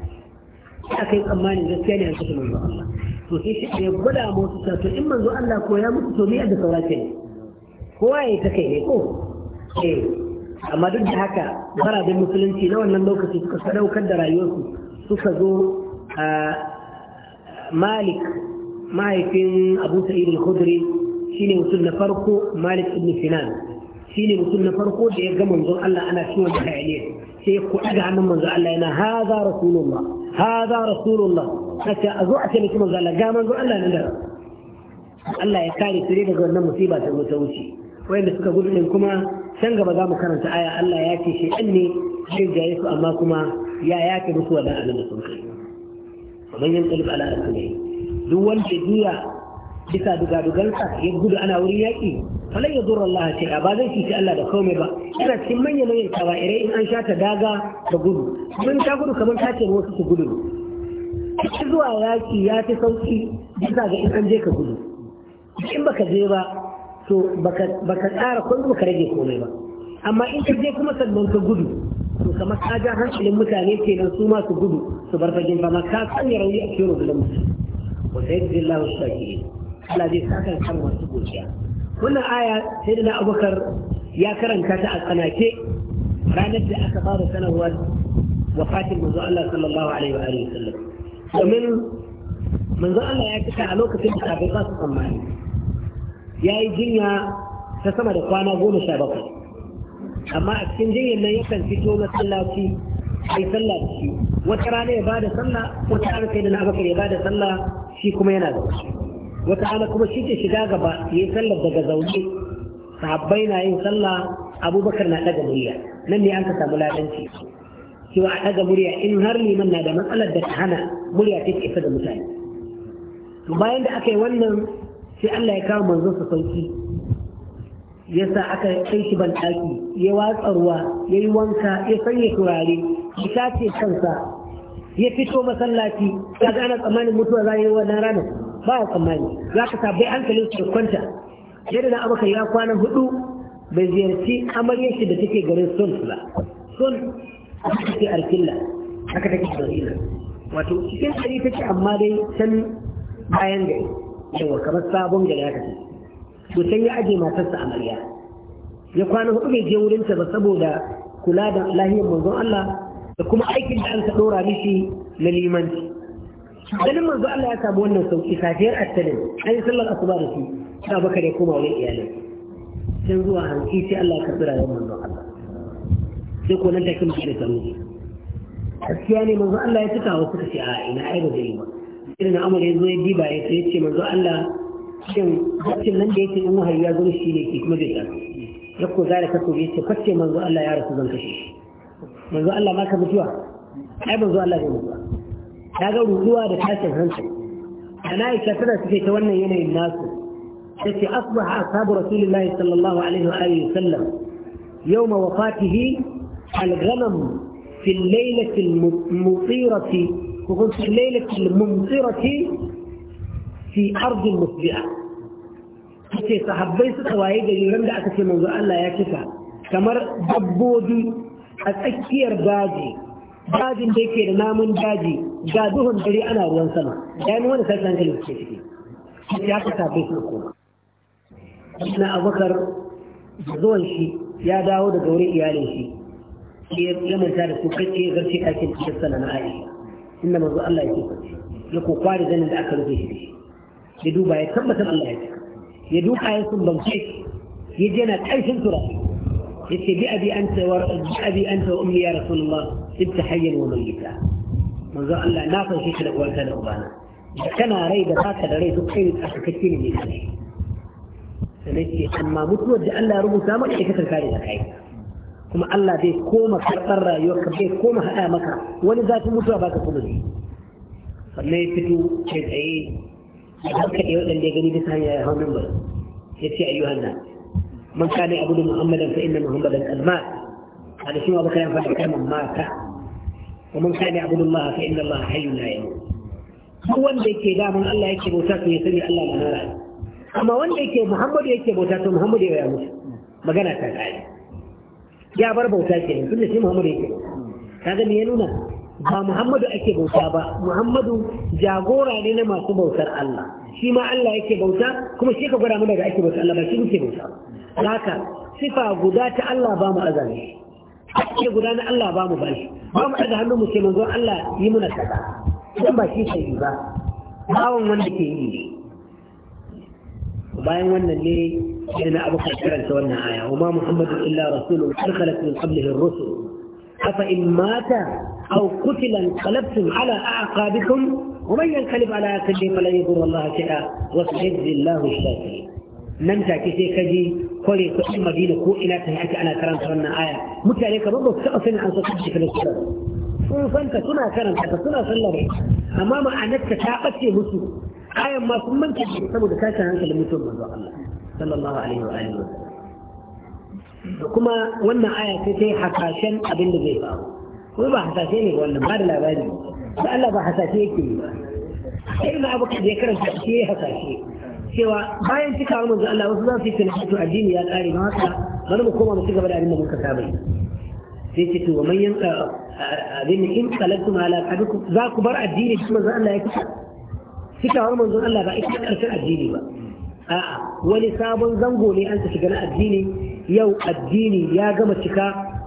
aka yi tsammanin gaskiya ne an kashe manzo Allah to sai shi ya gwada musu ta to in manzo Allah ko ya mutu to miyar da saurace ne kowa ya ta kai ne ko eh. amma duk da haka barabin musulunci na wannan lokaci suka sadaukar da rayuwarsu suka zo malik mahaifin abu sa'id al shine mutum na farko malik ibn sinan shine mutum na farko da ya ga manzon Allah ana ciwon da hayaniya sai ya kuɗa ga hannun manzon Allah yana haza rasulullah haza rasulullah kace a zo a ce miki manzon Allah ga manzon Allah nan da Allah ya kare su da wannan musiba ta zo ta wuce wayanda suka gudu din kuma can gaba za mu karanta aya Allah ya ce shi ne zai amma kuma ya yake musu wannan abin da man yanqalib ala asmihi duk wanda juya bisa dugadugansa ya gudu ana wurin yaƙi falai ya zura Allah ce ba zai cuci Allah da komai ba yana cikin manya manyan tawa'irai in an shata daga da gudu in ta gudu kamar ta ce wasu su gudu ci zuwa yaƙi ya fi sauƙi bisa ga in an je ka gudu in baka je ba to baka tsara ba ka rage komai ba amma in ka je kuma sannan ka gudu to kamar ka ja hankalin mutane nan su ma su gudu su bar fagen fama ka sanya rauni a cikin rubutun musu wa sai da Allah shi ke Allah zai saka kan wasu gudiya wannan aya sai da Abubakar ya karanta ta a tsanake ranar da aka fara sanarwar wafatin manzo Allah sallallahu alaihi wa alihi sallam domin manzo Allah ya cika a lokacin da sabai ba su tsammani ya yi jinya ta sama da kwana goma sha bakwai amma a cikin jinyar nan yakan fito masallaci ai sallah da shi wata rana ya bada sallah wata rana sai da abakar ya bada sallah shi kuma yana da wata rana kuma shi ke shiga gaba yayi sallah daga zaune sahabbai na yin sallah abubakar na ɗaga murya nan ne an ka samu ladanci cewa a ɗaga murya in har liman na da matsalar da ta hana murya ta isa da mutane bayan da aka yi wannan sai Allah ya kawo manzon sa sauki ya sa aka kai shi ban ya watsa ruwa ya yi wanka ya sanya turare ya tace kansa ya fito masallaci kaga ana tsammanin mutuwa za a yi wannan ranar ba a tsammani za ka sabai hankalin su kwanta yadda na abokan ya kwana hudu bai ziyarci amaryar shi da take garin sun ba sun aka take arkilla aka take arkilla wato cikin hari take amma dai can bayan gari yawa kamar sabon gari aka take to sai ya aje matarsa amarya ya kwana hudu bai je wurinta ba saboda kula da lahiyar manzon Allah da kuma aikin da an ta dora mishi na limanci ganin manzo Allah ya samu wannan sauki safiyar asalin an yi sallar asuba da su ta baka da koma wurin iyalai sai zuwa hanki sai Allah ya karbi rayuwar manzo Allah sai ko nan take mutu ta saruji gaskiya ne manzo Allah ya tuka wasu kace a ina ai ba zai ba irin Umar ya zo ya diba ya ce manzo Allah shin hakkin nan da yake in wahayi ya zo shi ne ke kuma zai shafi ya ko zara ka ko yace kwace manzo Allah ya rasu zan kashe shi manzo Allah ma ka mutuwa ai manzo Allah zai mutuwa ta ga ruduwa da tashin hankali ana aisha tana suke ta wannan yanayin nasu tace asbaha ashabu rasulillahi sallallahu alaihi wa alihi wasallam yawma wafatihi al-ghanam في الليلة المطيرة وقلت في الليلة الممطرة fi ardin musbi'a kace sahabbai suka waye gari ran da aka ce manzo Allah ya kisa. kamar dabbobi a tsakiyar daji daji da yake da namun daji ga duhun dare ana ruwan sama yayin wanda sai san kalin ce ciki sai aka tafi su koma ina abakar zuwan shi ya dawo daga wurin iyalin shi ya manta da su kace ya garce ɗakin cikin sana na Aisha inda manzo Allah ya ce ya ko kwari ganin da aka rufe shi ya duba ya tabbatar Allah ya ce ya duba ya sumbance ya je na ƙarfin tura ya ce bi abi anta wa bi abi anta wa ummi ya rasulullah ibta hayyan wa mayyita manzo Allah na fashe ka da uwarka da ubana da kana rai da baka da rai duk kai a kake ne ne kai sai ce amma mutuwar da Allah ya rubuta maka ita ka kare da kai kuma Allah zai koma karɓar rayuwarka zai koma haɗa maka wani zafin mutuwa baka kuma zai sannan ya fito kai tsaye idan ka ɗaya waɗanda ya gani bisa hanya ya hau nan ba ya ce ayyuhan nan man kana abu da muhammadan fa da muhammadan kalma a da shi ma baka yan faɗa kalmar mata wa man kana abu da allah fa inna allah hayyun la yamut duk wanda yake daman allah yake bauta to ya sani allah na nara amma wanda yake muhammadu yake bauta to muhammadu ya mutu magana ta kare ya bar bauta ke nan tunda shi muhammadu yake kaga me ya nuna ba Muhammadu ake bauta ba Muhammadu jagora ne na masu bautar Allah shi ma Allah yake bauta kuma shi ka gwada mana da ake bauta Allah ba shi yake bauta haka sifa guda ta Allah ba mu azami ake guda na Allah ba mu shi ba mu daga hannun mu ce Allah yi muna kaza idan ba shi sai ba bawon wanda ke yi bayan wannan ne irin abu karanta wannan aya wa ma Muhammadu illa rasulun arkalat min qablihi ar-rusul أفإن مات أو قتل انقلبتم على أعقابكم ومن ينقلب على عقبه فلن يضر الله شيئا واستجز الله الشافعي نمتا كيسي كجي كولي كوشي مدينة كو إلا أنا كرام ترمنا آية متى عليك ربك سأصنع عن تصدق في الإسلام فانت سنة كرم حتى سنة صلى الله أمام أنك في مسلم. آية ما ثم من كجي سمو دكاتا أنك لم يتوب الله صلى الله عليه وآله وسلم da kuma wannan aya sai ta yi hasashen abin da zai faru kuma ba hasashe ne ba wannan ba da labari da Allah ba hasashe yake yi ba sai na abu da ya karanta shi ya hasashe cewa bayan cika wa manzo Allah wasu za su yi tunani addini ya kare ma haka bari mu koma mu ci gaba da abin da muka saba yi sai ce to man yanka abin in qalatu ala qadikum za ku bar addini kuma manzo Allah ya kika cikawar manzo Allah ba ita karshen addini ba a'a wani sabon zango ne an shiga na addini yau addini ya gama cika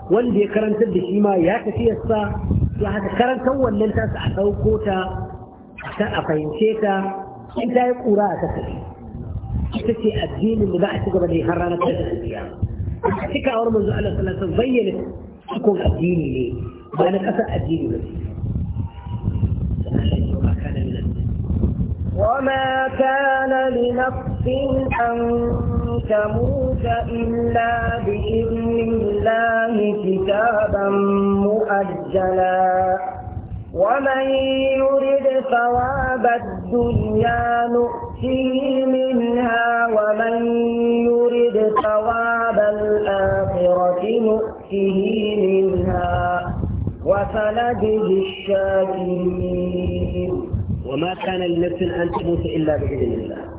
wanda ya karantar da shi ma ya tafiyarsa ya haka karantar wannan tasa a ɗauko ta ta a fahimce ta in ta yi ƙura a kasa ita ce addinin da za a ci gaba da har ranar tashin ajiya a cikawar manzo Allah sallallahu alaihi bayyana cikon addini ne ba na ƙasar addini ba وما كان لنفس أن تموت إلا بإذن الله كتابا مؤجلا ومن يرد ثواب الدنيا نؤتيه منها ومن يرد ثواب الآخرة نؤتيه منها وسنجزي الشاكرين wa ma kana li nafsin an tamutu illa bi idnillah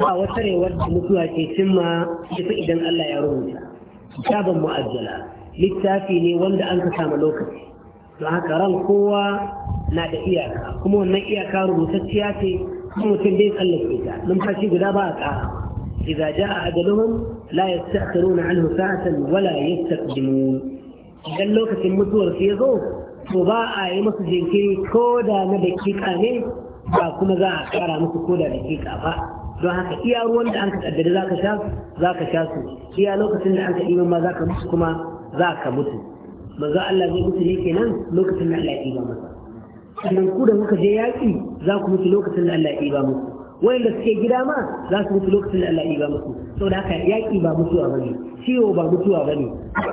ba wata ne wadda mutuwa ke cimma ita idan Allah ya rubuta kitabun mu'ajjala littafi ne wanda an ka lokaci don kowa na da iyaka kuma wannan iyaka rubutacciya ce kuma mutum dai tsallake ta numfashi guda ba a ƙara idza jaa ajaluhum la yasta'khiruna anhu sa'atan wala yastaqdimun idan lokacin mutuwar su ya zo to ba a yi masu jinkiri ko da na dakika ne ba kuma za a kara musu ko da dakika ba don haka iya ruwan da an ka kaddada za ka sha za ka sha su iya lokacin da an ka ɗiban ma za ka mutu kuma za ka mutu manzo Allah zai mutu ne kenan lokacin da Allah ya ɗiba masa sannan ku da kuka je yaƙi za ku mutu lokacin da Allah ya ɗiba musu. wanda suke gida ma za su mutu lokacin da Allah ya ɗiba muku saboda haka yaƙi ba mutuwa bane ciwo ba mutuwa bane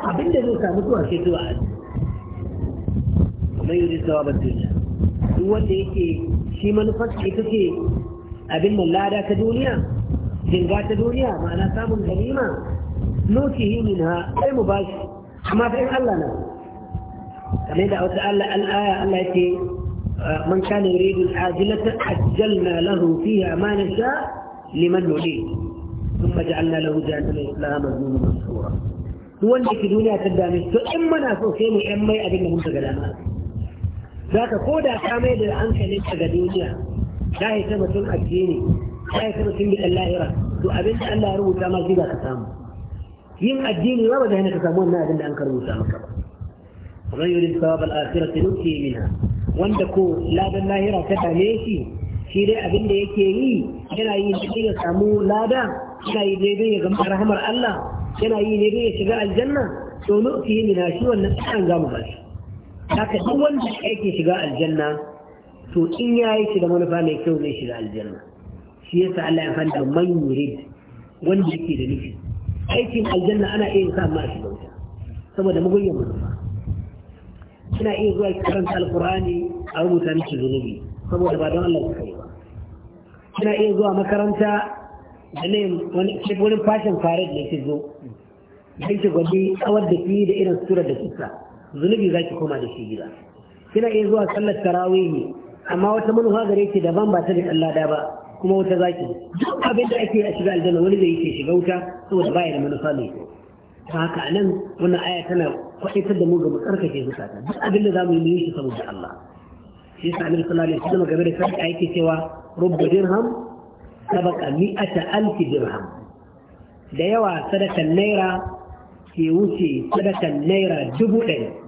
abinda zai samu mutuwa sai zuwa غير ثواب الدنيا هو تيكي شي منفق تيكي ابن ملا دا كدنيا جنگا كدنيا معنى سام الهليمة نوتي هي منها اي مباشر حما فإن الله لا كمين دعوة الله الآية آه، من كان يريد الحاجلة أجلنا له فيها ما نشاء لمن نريد ثم جعلنا له جانب الإسلام مضمون مذكورا هو اللي في دنيا تبدا من اما ناس اوكي اما يقابلنا منتج الامانه za ka ko da ka mai da hankalin ga duniya Ya yi ta mutum addini Ya yi ta mutum bidan lahira to abin da Allah ya rubuta ma shi za ka samu yin addini ba ba da ka samu wannan abin da an rubuta maka ba ومن يريد ثواب الآخرة نؤتيه منها wanda ko ladan lahira ta dame shi shi dai abin da yake yi yana yi ne ya samu lada yana yi daidai ya gama rahamar Allah yana yi ne ya shiga aljanna to nufi min shi wannan an gama ba shi haka duk wanda yake shiga aljanna to in ya yi shi da manufa mai kyau zai shiga aljanna shi yasa Allah ya fanta man yurid wanda yake da nufi aikin aljanna ana iya sa ma shi bauta saboda magoyin manufa kina iya zuwa karanta alqur'ani a rubuta miki zunubi saboda ba don Allah kuka yi ba kina iya zuwa makaranta da ne wani wani fashion parade ne ke zo dan ki gwabi kawar da fi da irin sura da kisa zunubi za ki koma da shi gida kina iya zuwa sallar tarawihi amma wata manufa gare ki daban ba ta da kallada ba kuma wata zaki duk abin da ake a shiga aljanna wani zai ke shiga wuta saboda baya da manufa mai kyau ta haka nan wannan aya tana kwaɗaitar da mu ga mu tsarkake zukata duk abin da za mu yi shi saboda Allah shi yasa annabi sallallahu alaihi wasallam game da sarki yake cewa rubbu dirham sabaqa ta alfi dirham da yawa sadakan naira ke wuce sadakan naira dubu ɗaya.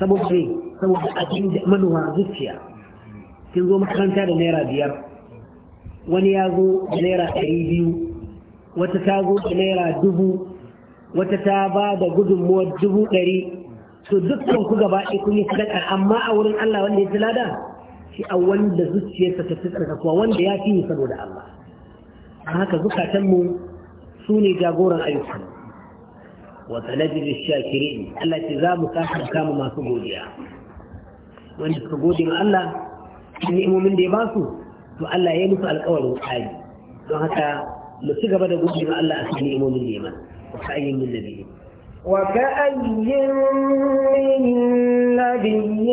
saboda ne saboda da manowa zuciya kin zo makaranta da naira biyar wani ya zo da naira ɗari biyu wata ta zo da naira dubu wata ta ba da gudunmuwar dubu ɗari to dukkan ku gaba ɗaya kun yi sadaka amma a wurin Allah wanda ya ci lada shi a wanda zuciyarsa ta fi tsarkakuwa wanda ya fi saboda Allah a haka zukatanmu su ne jagoran ayyukan wa sanajin shakirin Allah ce za mu kasar kama masu godiya wanda suka gode ma Allah cikin imomin da ya ba su to Allah ya musu alƙawarin tsari don haka mu ci gaba da gode ma Allah a cikin imomin da ya mana وكأي من نبي وكأي من نبي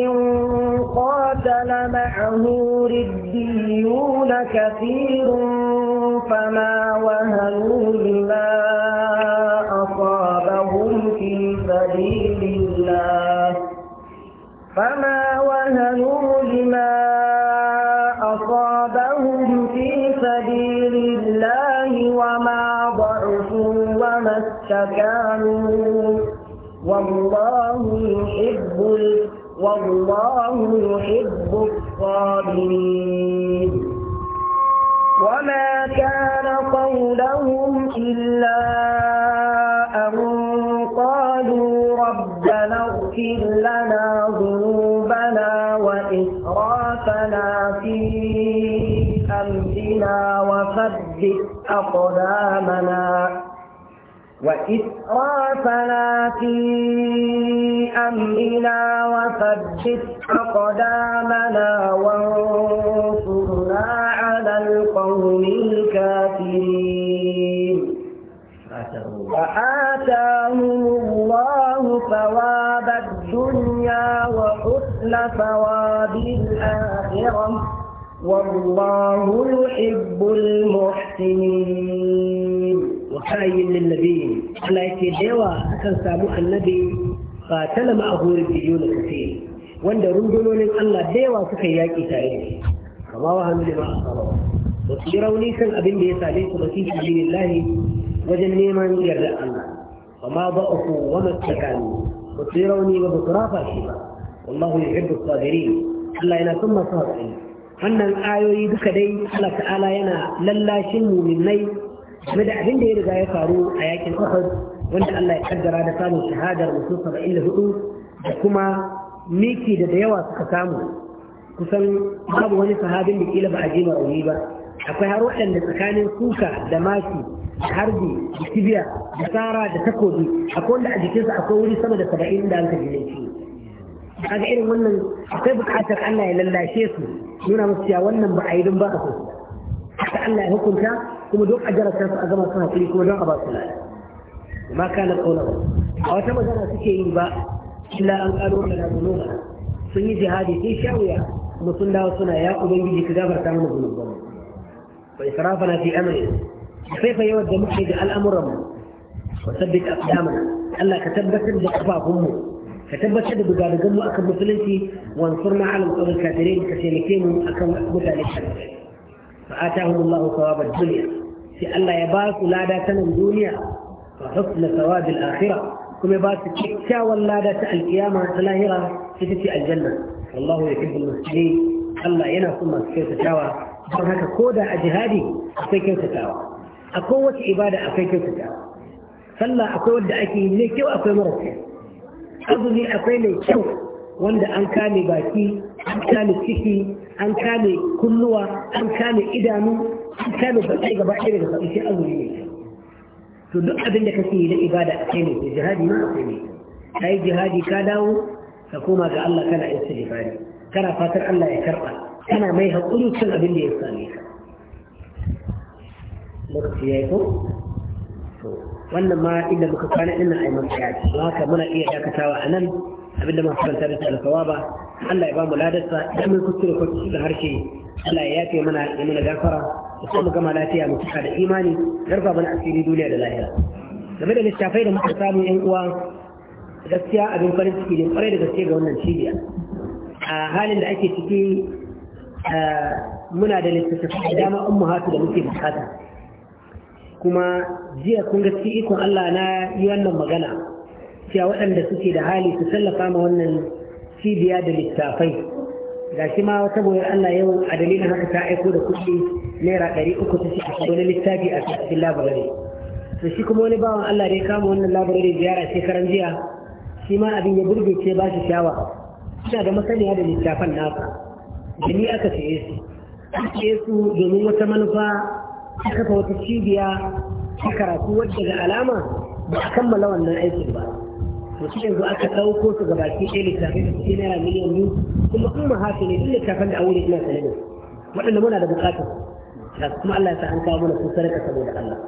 قاتل معه رديون كثير فما وهنوا لما سبيل الله فما وهنوا لما أصابهم في سبيل الله وما ضعفوا وما استكانوا والله يحب والله يحب الصابرين وما كان قولهم إلا يغفر لنا ذنوبنا وإسرافنا في أمرنا وثبت أقدامنا وإسرافنا في أمرنا وثبت أقدامنا وانصرنا على القوم الكافرين فآتاهم الله ثواب الحسن الآخرة والله يحب المحسنين وحي للنبي على يتدوى أكن سابق النبي قاتل معه ربيون كثير وان رجلون الله ديوى سكياكي تاريخ كما وهم لما أخبره وتجروني كان أبن ليس عليك وفي الله وجنيما من يرد الله وما ضعفوا وما استكانوا وتجروني وبطرافة شبا wallahu yuhibbu sabirin Allah yana son masu wannan ayoyi duka dai Allah ta'ala yana lallashin muminai Kuma da abin da ya riga ya faru a yakin Uhud wanda Allah ya kaddara da samun shahadar mutum 74 da kuma miki da da yawa suka samu kusan babu wani sahabin da kila ba a jima rauni ba akwai har waɗanda tsakanin kuka, da maki harbi da kibiya da tsara da takobi akwai wanda a jikinsa akwai wuri sama da saba'in da an ka kaga irin wannan akwai bukatar Allah ya lallashe su nuna musu cewa wannan ba a yi don ba a so haka Allah ya hukunta kuma duk a jarabta su a gama su hakuri kuma don a ba su lafiya ma kana kaunawa a wata magana suke yi ba illa an ƙaro da ba sun yi jihadi sai sha wuya kuma sun dawo suna ya ubangiji ka gafarta mana zunubanmu wa israfana fi amri sai fa yawa da muke da al'amuran mu wa sabbit aqdamana Allah ka tabbatar da kafafunmu فتبت حدد بعد قلو أكا مسلنتي وانصرنا على القول الكاترين كسيمكين أكا مقبتا لحدث فآتاهم الله ثواب الدنيا في الله يباس لا دا تنم دنيا فحسن ثواب الآخرة كم يباس تكا ولا دا تألقيامة تلاهرة تتتي الجنة الله يحب المسلمين الله ينا ثم سكير تتاوى فهناك كودا أجهادي أفكير تتاوى عبادة إبادة أفكير تتاوى فالله أقوة دعكي ليكي وأقوة مرسي azumi akwai mai kyau wanda an kame baki an kame ciki an kame kunnuwa an kame idanu an kame baki gaba ɗaya daga baki sai azumi mai to duk abin da kake yi na ibada akwai ne da jihadi ma akwai ne kai jihadi ka dawo ka koma ga Allah kana istighfari kana fatan Allah ya karba kana mai hakuri kan abin da ya same ka lokaci yayi ko wannan ma inda muka kwana ina a yi ce ba haka muna iya dakatawa a nan abinda muka karanta da talakawa ba Allah ya ba mu ladarsa idan mun kuskure ko da harshe Allah ya yafe mana ya mana gafara sai mu gama lafiya mu cika da imani garba mana asiri duniya da lahira game da littafai da muka samu yan uwa gaskiya abin farin ciki ne kwarai da gaske ga wannan cibiya a halin da ake ciki eh, muna da littattafai da dama ummu hatu da muke bukata kuma jiya kun ga cikin ikon Allah na yi wannan magana cewa waɗanda suke da hali su tallafawa ma wannan cibiya da littafai ga shi ma wata boyar Allah yau a dalilin haka ta aiko da kuɗi naira ɗari uku ta ce a wani littafi a cikin labarai to shi kuma wani bawan Allah da ya kama wannan labarare ziyara shekaran jiya shi ma abin ya burge ce ba shi shawa ina da masaniya da littafan nasa da ni aka saye su an saye su domin wata manufa ta kafa wata cibiya ta karatu wadda ga alama ba a kammala wannan aikin ba mutum yanzu aka ɗauko su gabaki ɗaya littafin da suke naira miliyan biyu kuma in mahafi ne duk littafin da a wuri ina sanadin waɗanda muna da buƙatar da kuma Allah ya sa an kawo mana su sadaka saboda Allah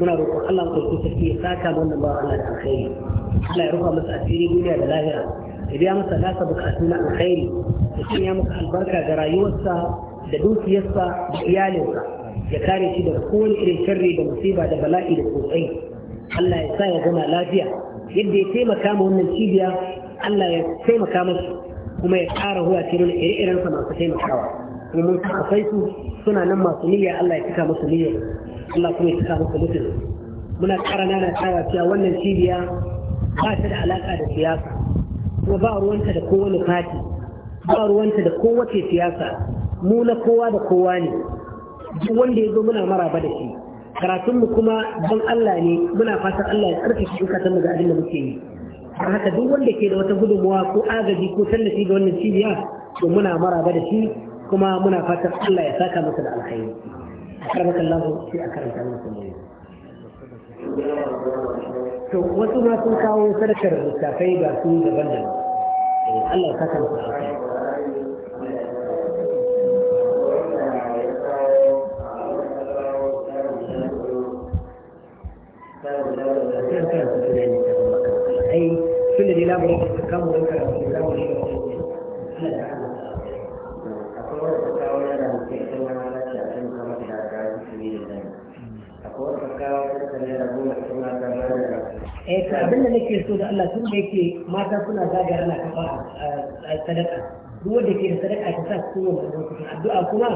muna roƙon Allah ko ku sarki ya saka wannan bawa Allah da alkhairi Allah ya rufa masa asiri duniya da lahira ya biya masa nasa bukatu na alkhairi ya sanya masa albarka ga rayuwarsa da dukiyarsa da iyalinsa ya kare shi daga kowane irin sharri da musiba da bala'i da kotsai Allah ya sa ya zama lafiya yadda ya taimaka ma wannan cibiya Allah ya taimaka masa kuma ya ƙara huwa nuna ire-iren sa masu taimakawa kuma mun akwai su suna nan masu niyya Allah ya cika musu niyya Allah kuma ya cika musu mutum muna ƙara nana tsawa cewa wannan cibiya ba ta da alaƙa da siyasa kuma ba ruwanta da kowane fati ba ruwanta da kowace siyasa mu na kowa da kowa ne duk wanda ya zo muna maraba da shi karatunmu kuma don Allah ne muna fatan Allah ya shi tsarkake zukatanmu ga abin da muke yi har haka duk wanda ke da wata gudunmawa ko agaji ko tallafi ga wannan cibiya to muna maraba da shi kuma muna fatan Allah ya saka masa da alkhairi akramaka Allah sai a karanta masa to wasu ma sun kawo sadakar littafai ga su daban-daban eh, Allah ya saka masa da alkhairi ai da da da wata da ita da su da wata da goma ma ta ba da eh abin da nake so da Allah tun da yake mata suna zagaya ana kafa sadaka duk wanda ke da sadaka ta sa su da wannan addu'a kuma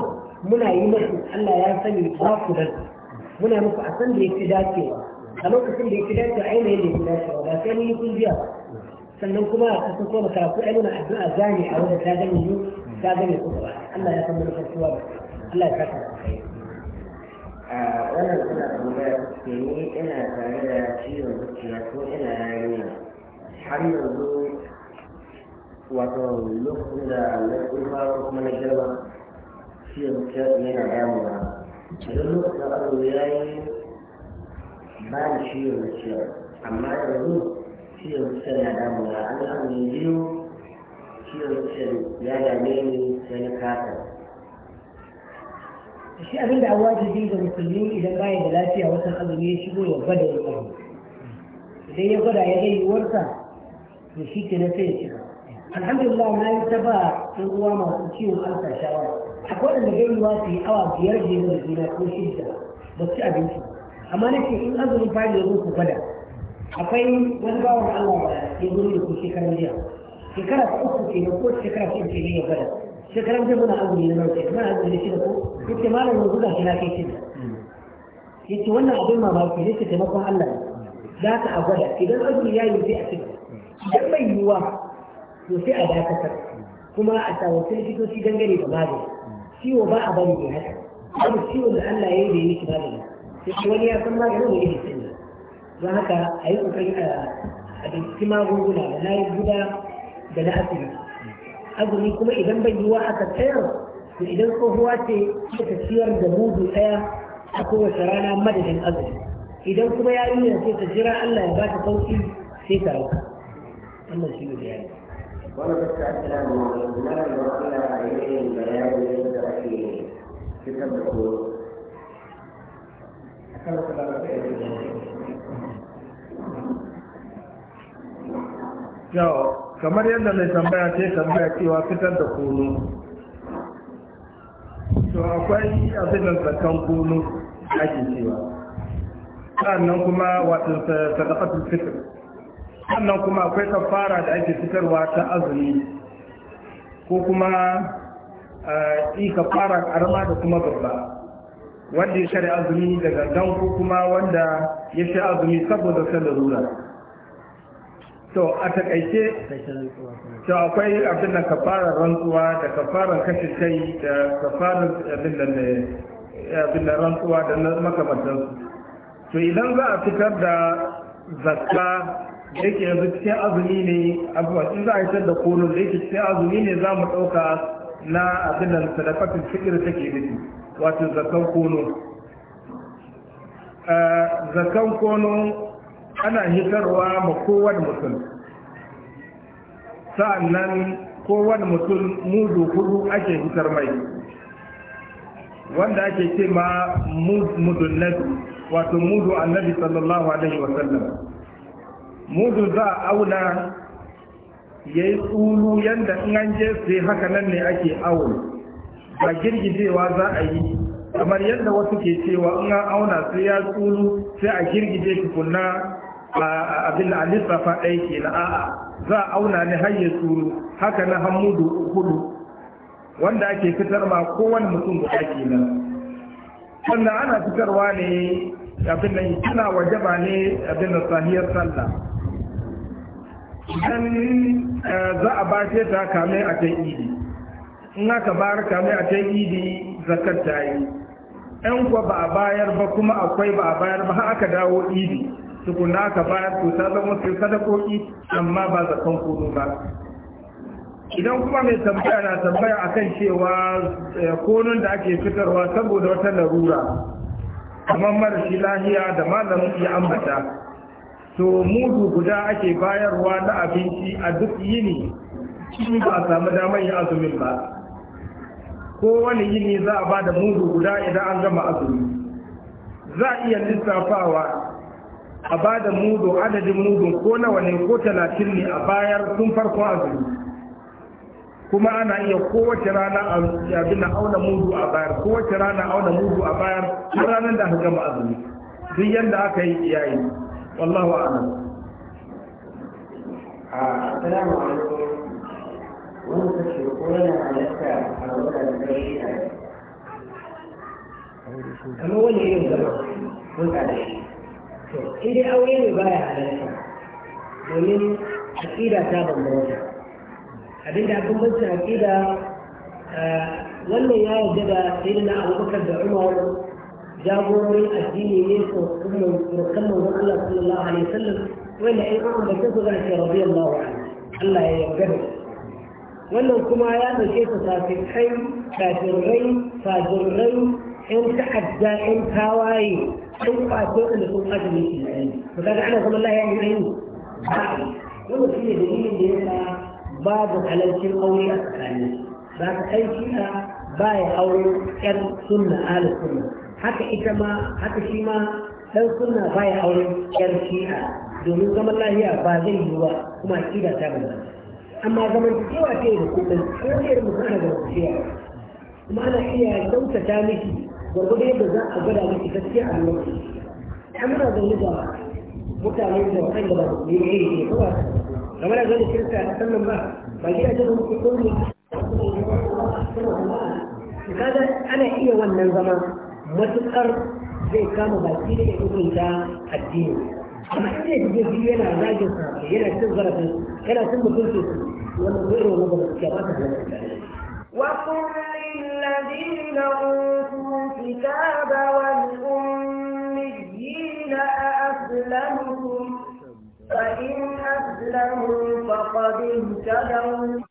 muna yi musu Allah ya sani ba ku da muna muku a san da yake dacewa a lokacin da yake dace ainihin da yake dacewa ba sai mun yi kungiya sannan kuma ka san kuma karatu ai muna addu'a gane a wanda ta gane ni ta gane ku ba Allah ya san mun farkuwa ba Allah ya saka a wannan suna tambaya ke ni ina tare da ciwon zuciya ko ina yarinya har yanzu wato lokacin da na kurfa kuma na girma ciwon zuciya yana damuna a duk lokacin da ya yi ba da ciwon ciwon amma yanzu ciwon ciwon na damuna an samu biyu ciwon ciwon ya dame ni sai na kasa shi abin da wajibi ga musulmi idan baya da lafiya watan azumi ya shigo ya gwada ya gwada idan ya gwada ya ga yiwuwarsa to shi ke na sai ya shiga alhamdulillah na yi ta ba ɗan uwa masu ciwon alsa shawara akwai wanda gaiwa su yi awa biyar da yin da juna ko shida ba su abinci amma nake in azumin fari ya zo ku gwada akwai wani bawan Allah da ya zo da ku shekaran jiya shekara ta uku ke ko shekara ta uku ne ya gwada shekarar jiya muna azumi na nauke muna azumi da shi da ko yace malam yanzu ga shi na kai shida yace wannan abin mamaki ku ke taimakon Allah ne za ka a gwada idan azumi ya yi sai a cikin idan bai wa to sai a dakatar kuma a fito shi dangane da magani ciwo ba a bari ne haka abu ciwon da Allah ya yi da ya yi shi magani sai wani ya san maganin wani ne sani don haka a yi kokari a ɗauki magunguna da na yi guda da na asiri azumi kuma idan bai yiwa aka tsayar to idan tsohuwa ce ta ciyar da mudu ɗaya a kowace rana madadin azumi idan kuma ya yi sai ta jira Allah ya ba ta sauki sai ta rauka wannan shi ne bayani wani fuska assalamu alaikum na da da ya yi bayani da ake fitar da kowa yau kamar yadda mai tambaya ce tambaya cewa fitar da kunu to akwai abin da zakan kunu ake cewa sannan kuma wato sadaqatul fitr sannan kuma akwai kafara da ake fitarwa ta azumi ko kuma eh, i kafara karama da kuma babba wanda ya shari azumi daga gangan ko kuma wanda ya sha azumi saboda ta larura to a takaice to akwai abin da kafarar rantsuwa da kafarar kashe kai da kafarar abin da abin da rantsuwa da makamantansu to idan za a fitar da zakka da yake yanzu cikin azumi ne abuwa in za a fitar da kolon da yake cikin azumi ne za mu ɗauka na abin da sadafatin fikir take nufi wato zakan kono zakan kono ana hitarwa ma kowane mutum sa'annan kowane mutum mudu hudu ake hitar mai wanda ake ce ma mudun nabi wato mudu annabi sallallahu alaihi wasallam mudu za a auna ya yi tsulu yadda in an je sai haka nan ne ake auna ba girgijewa za a yi kamar yadda wasu ke cewa in an auna sai ya tsulu sai a girgije tukunna abin a lissafa ɗaya ke na a'a za a auna ni har ya haka na hamudu hudu wanda ake fitar ma kowane mutum guda kenan wannan ana fitarwa ne abin nan tana wajaba ne abin da sahiyar sallah idan eh, za a bashe ta kame a kan idi in aka bayar kamar a ta idi zakar ta yi ɗan kuwa ba a bayar ba kuma akwai ba a bayar ba har aka dawo idi tukuna aka bayar ko ta zama sadakoki amma ba zakan kudu ba idan kuma mai tambaya na tambaya a kan cewa eh, konon da ake fitarwa saboda wata larura kamar marashi lahiya da malam ya ambata to mudu guda ake bayarwa na abinci a duk yini shi ba a samu damar yin azumin ba kowane yini za a ba da mudu guda idan an gama azumi za a iya lissafawa a ba da mudu adadin mudun ko nawa ne ko talatin ne a bayar tun farko azumi kuma ana iya kowace rana a abin auna mudu a bayar kowace rana auna mudu a bayar har ranar da aka gama azumi duk yadda aka yi iyayi wallahu a'lam ah, assalamu alaikum wani kashi ko yana halatta a wuraren gashi a kamar wani irin zama hulɗa da shi to in aure ne baya halatta domin aƙida ta bambanta abinda bambanta aƙida wannan ya yarda da sayyidina abubakar da umar jagororin addini ne ko kuma musamman wa Allah sallallahu alaihi wanda in an ambace su zan ce radiyallahu anhu Allah ya yarda da wannan kuma ya ɗauke ta safikai kafirai fajirai yan ta'adda yan tawaye yan kwato da sun kwato ne shi ne to kaga ana zaman lahiya ne ayi wannan shi ne dalilin da yasa babu halalcin aure a tsakani za ka kai kina baya aure yan sunna ala sunna haka ita ma haka shi ma dan sunna baya aure yan shi'a domin zaman lahiya ba zai yi ba kuma akida ta bambanta أما زمن تسوى فيه بسيطة هو غير مسلمة زمن تسوى ومعنى هي لو تتامك وقد يبدأ أبدا لك تسوى عن الوقت حمنا ذو نجا مطالعين ذو حيث بعض ليعيه في سوى لما لا زال الكرسة أسلم بها بل هي جدهم تقول لكذا أنا هي وأن الزمان ما تذكر زي كانوا بسيطة يقولون ذا الدين amma in zai shige biyu yana zagin sa yana cin zarafin yana cin mutuncin su wannan zai rawa ba gaskiya ba ta halatta وقل للذين أوتوا الكتاب والأميين أأسلمتم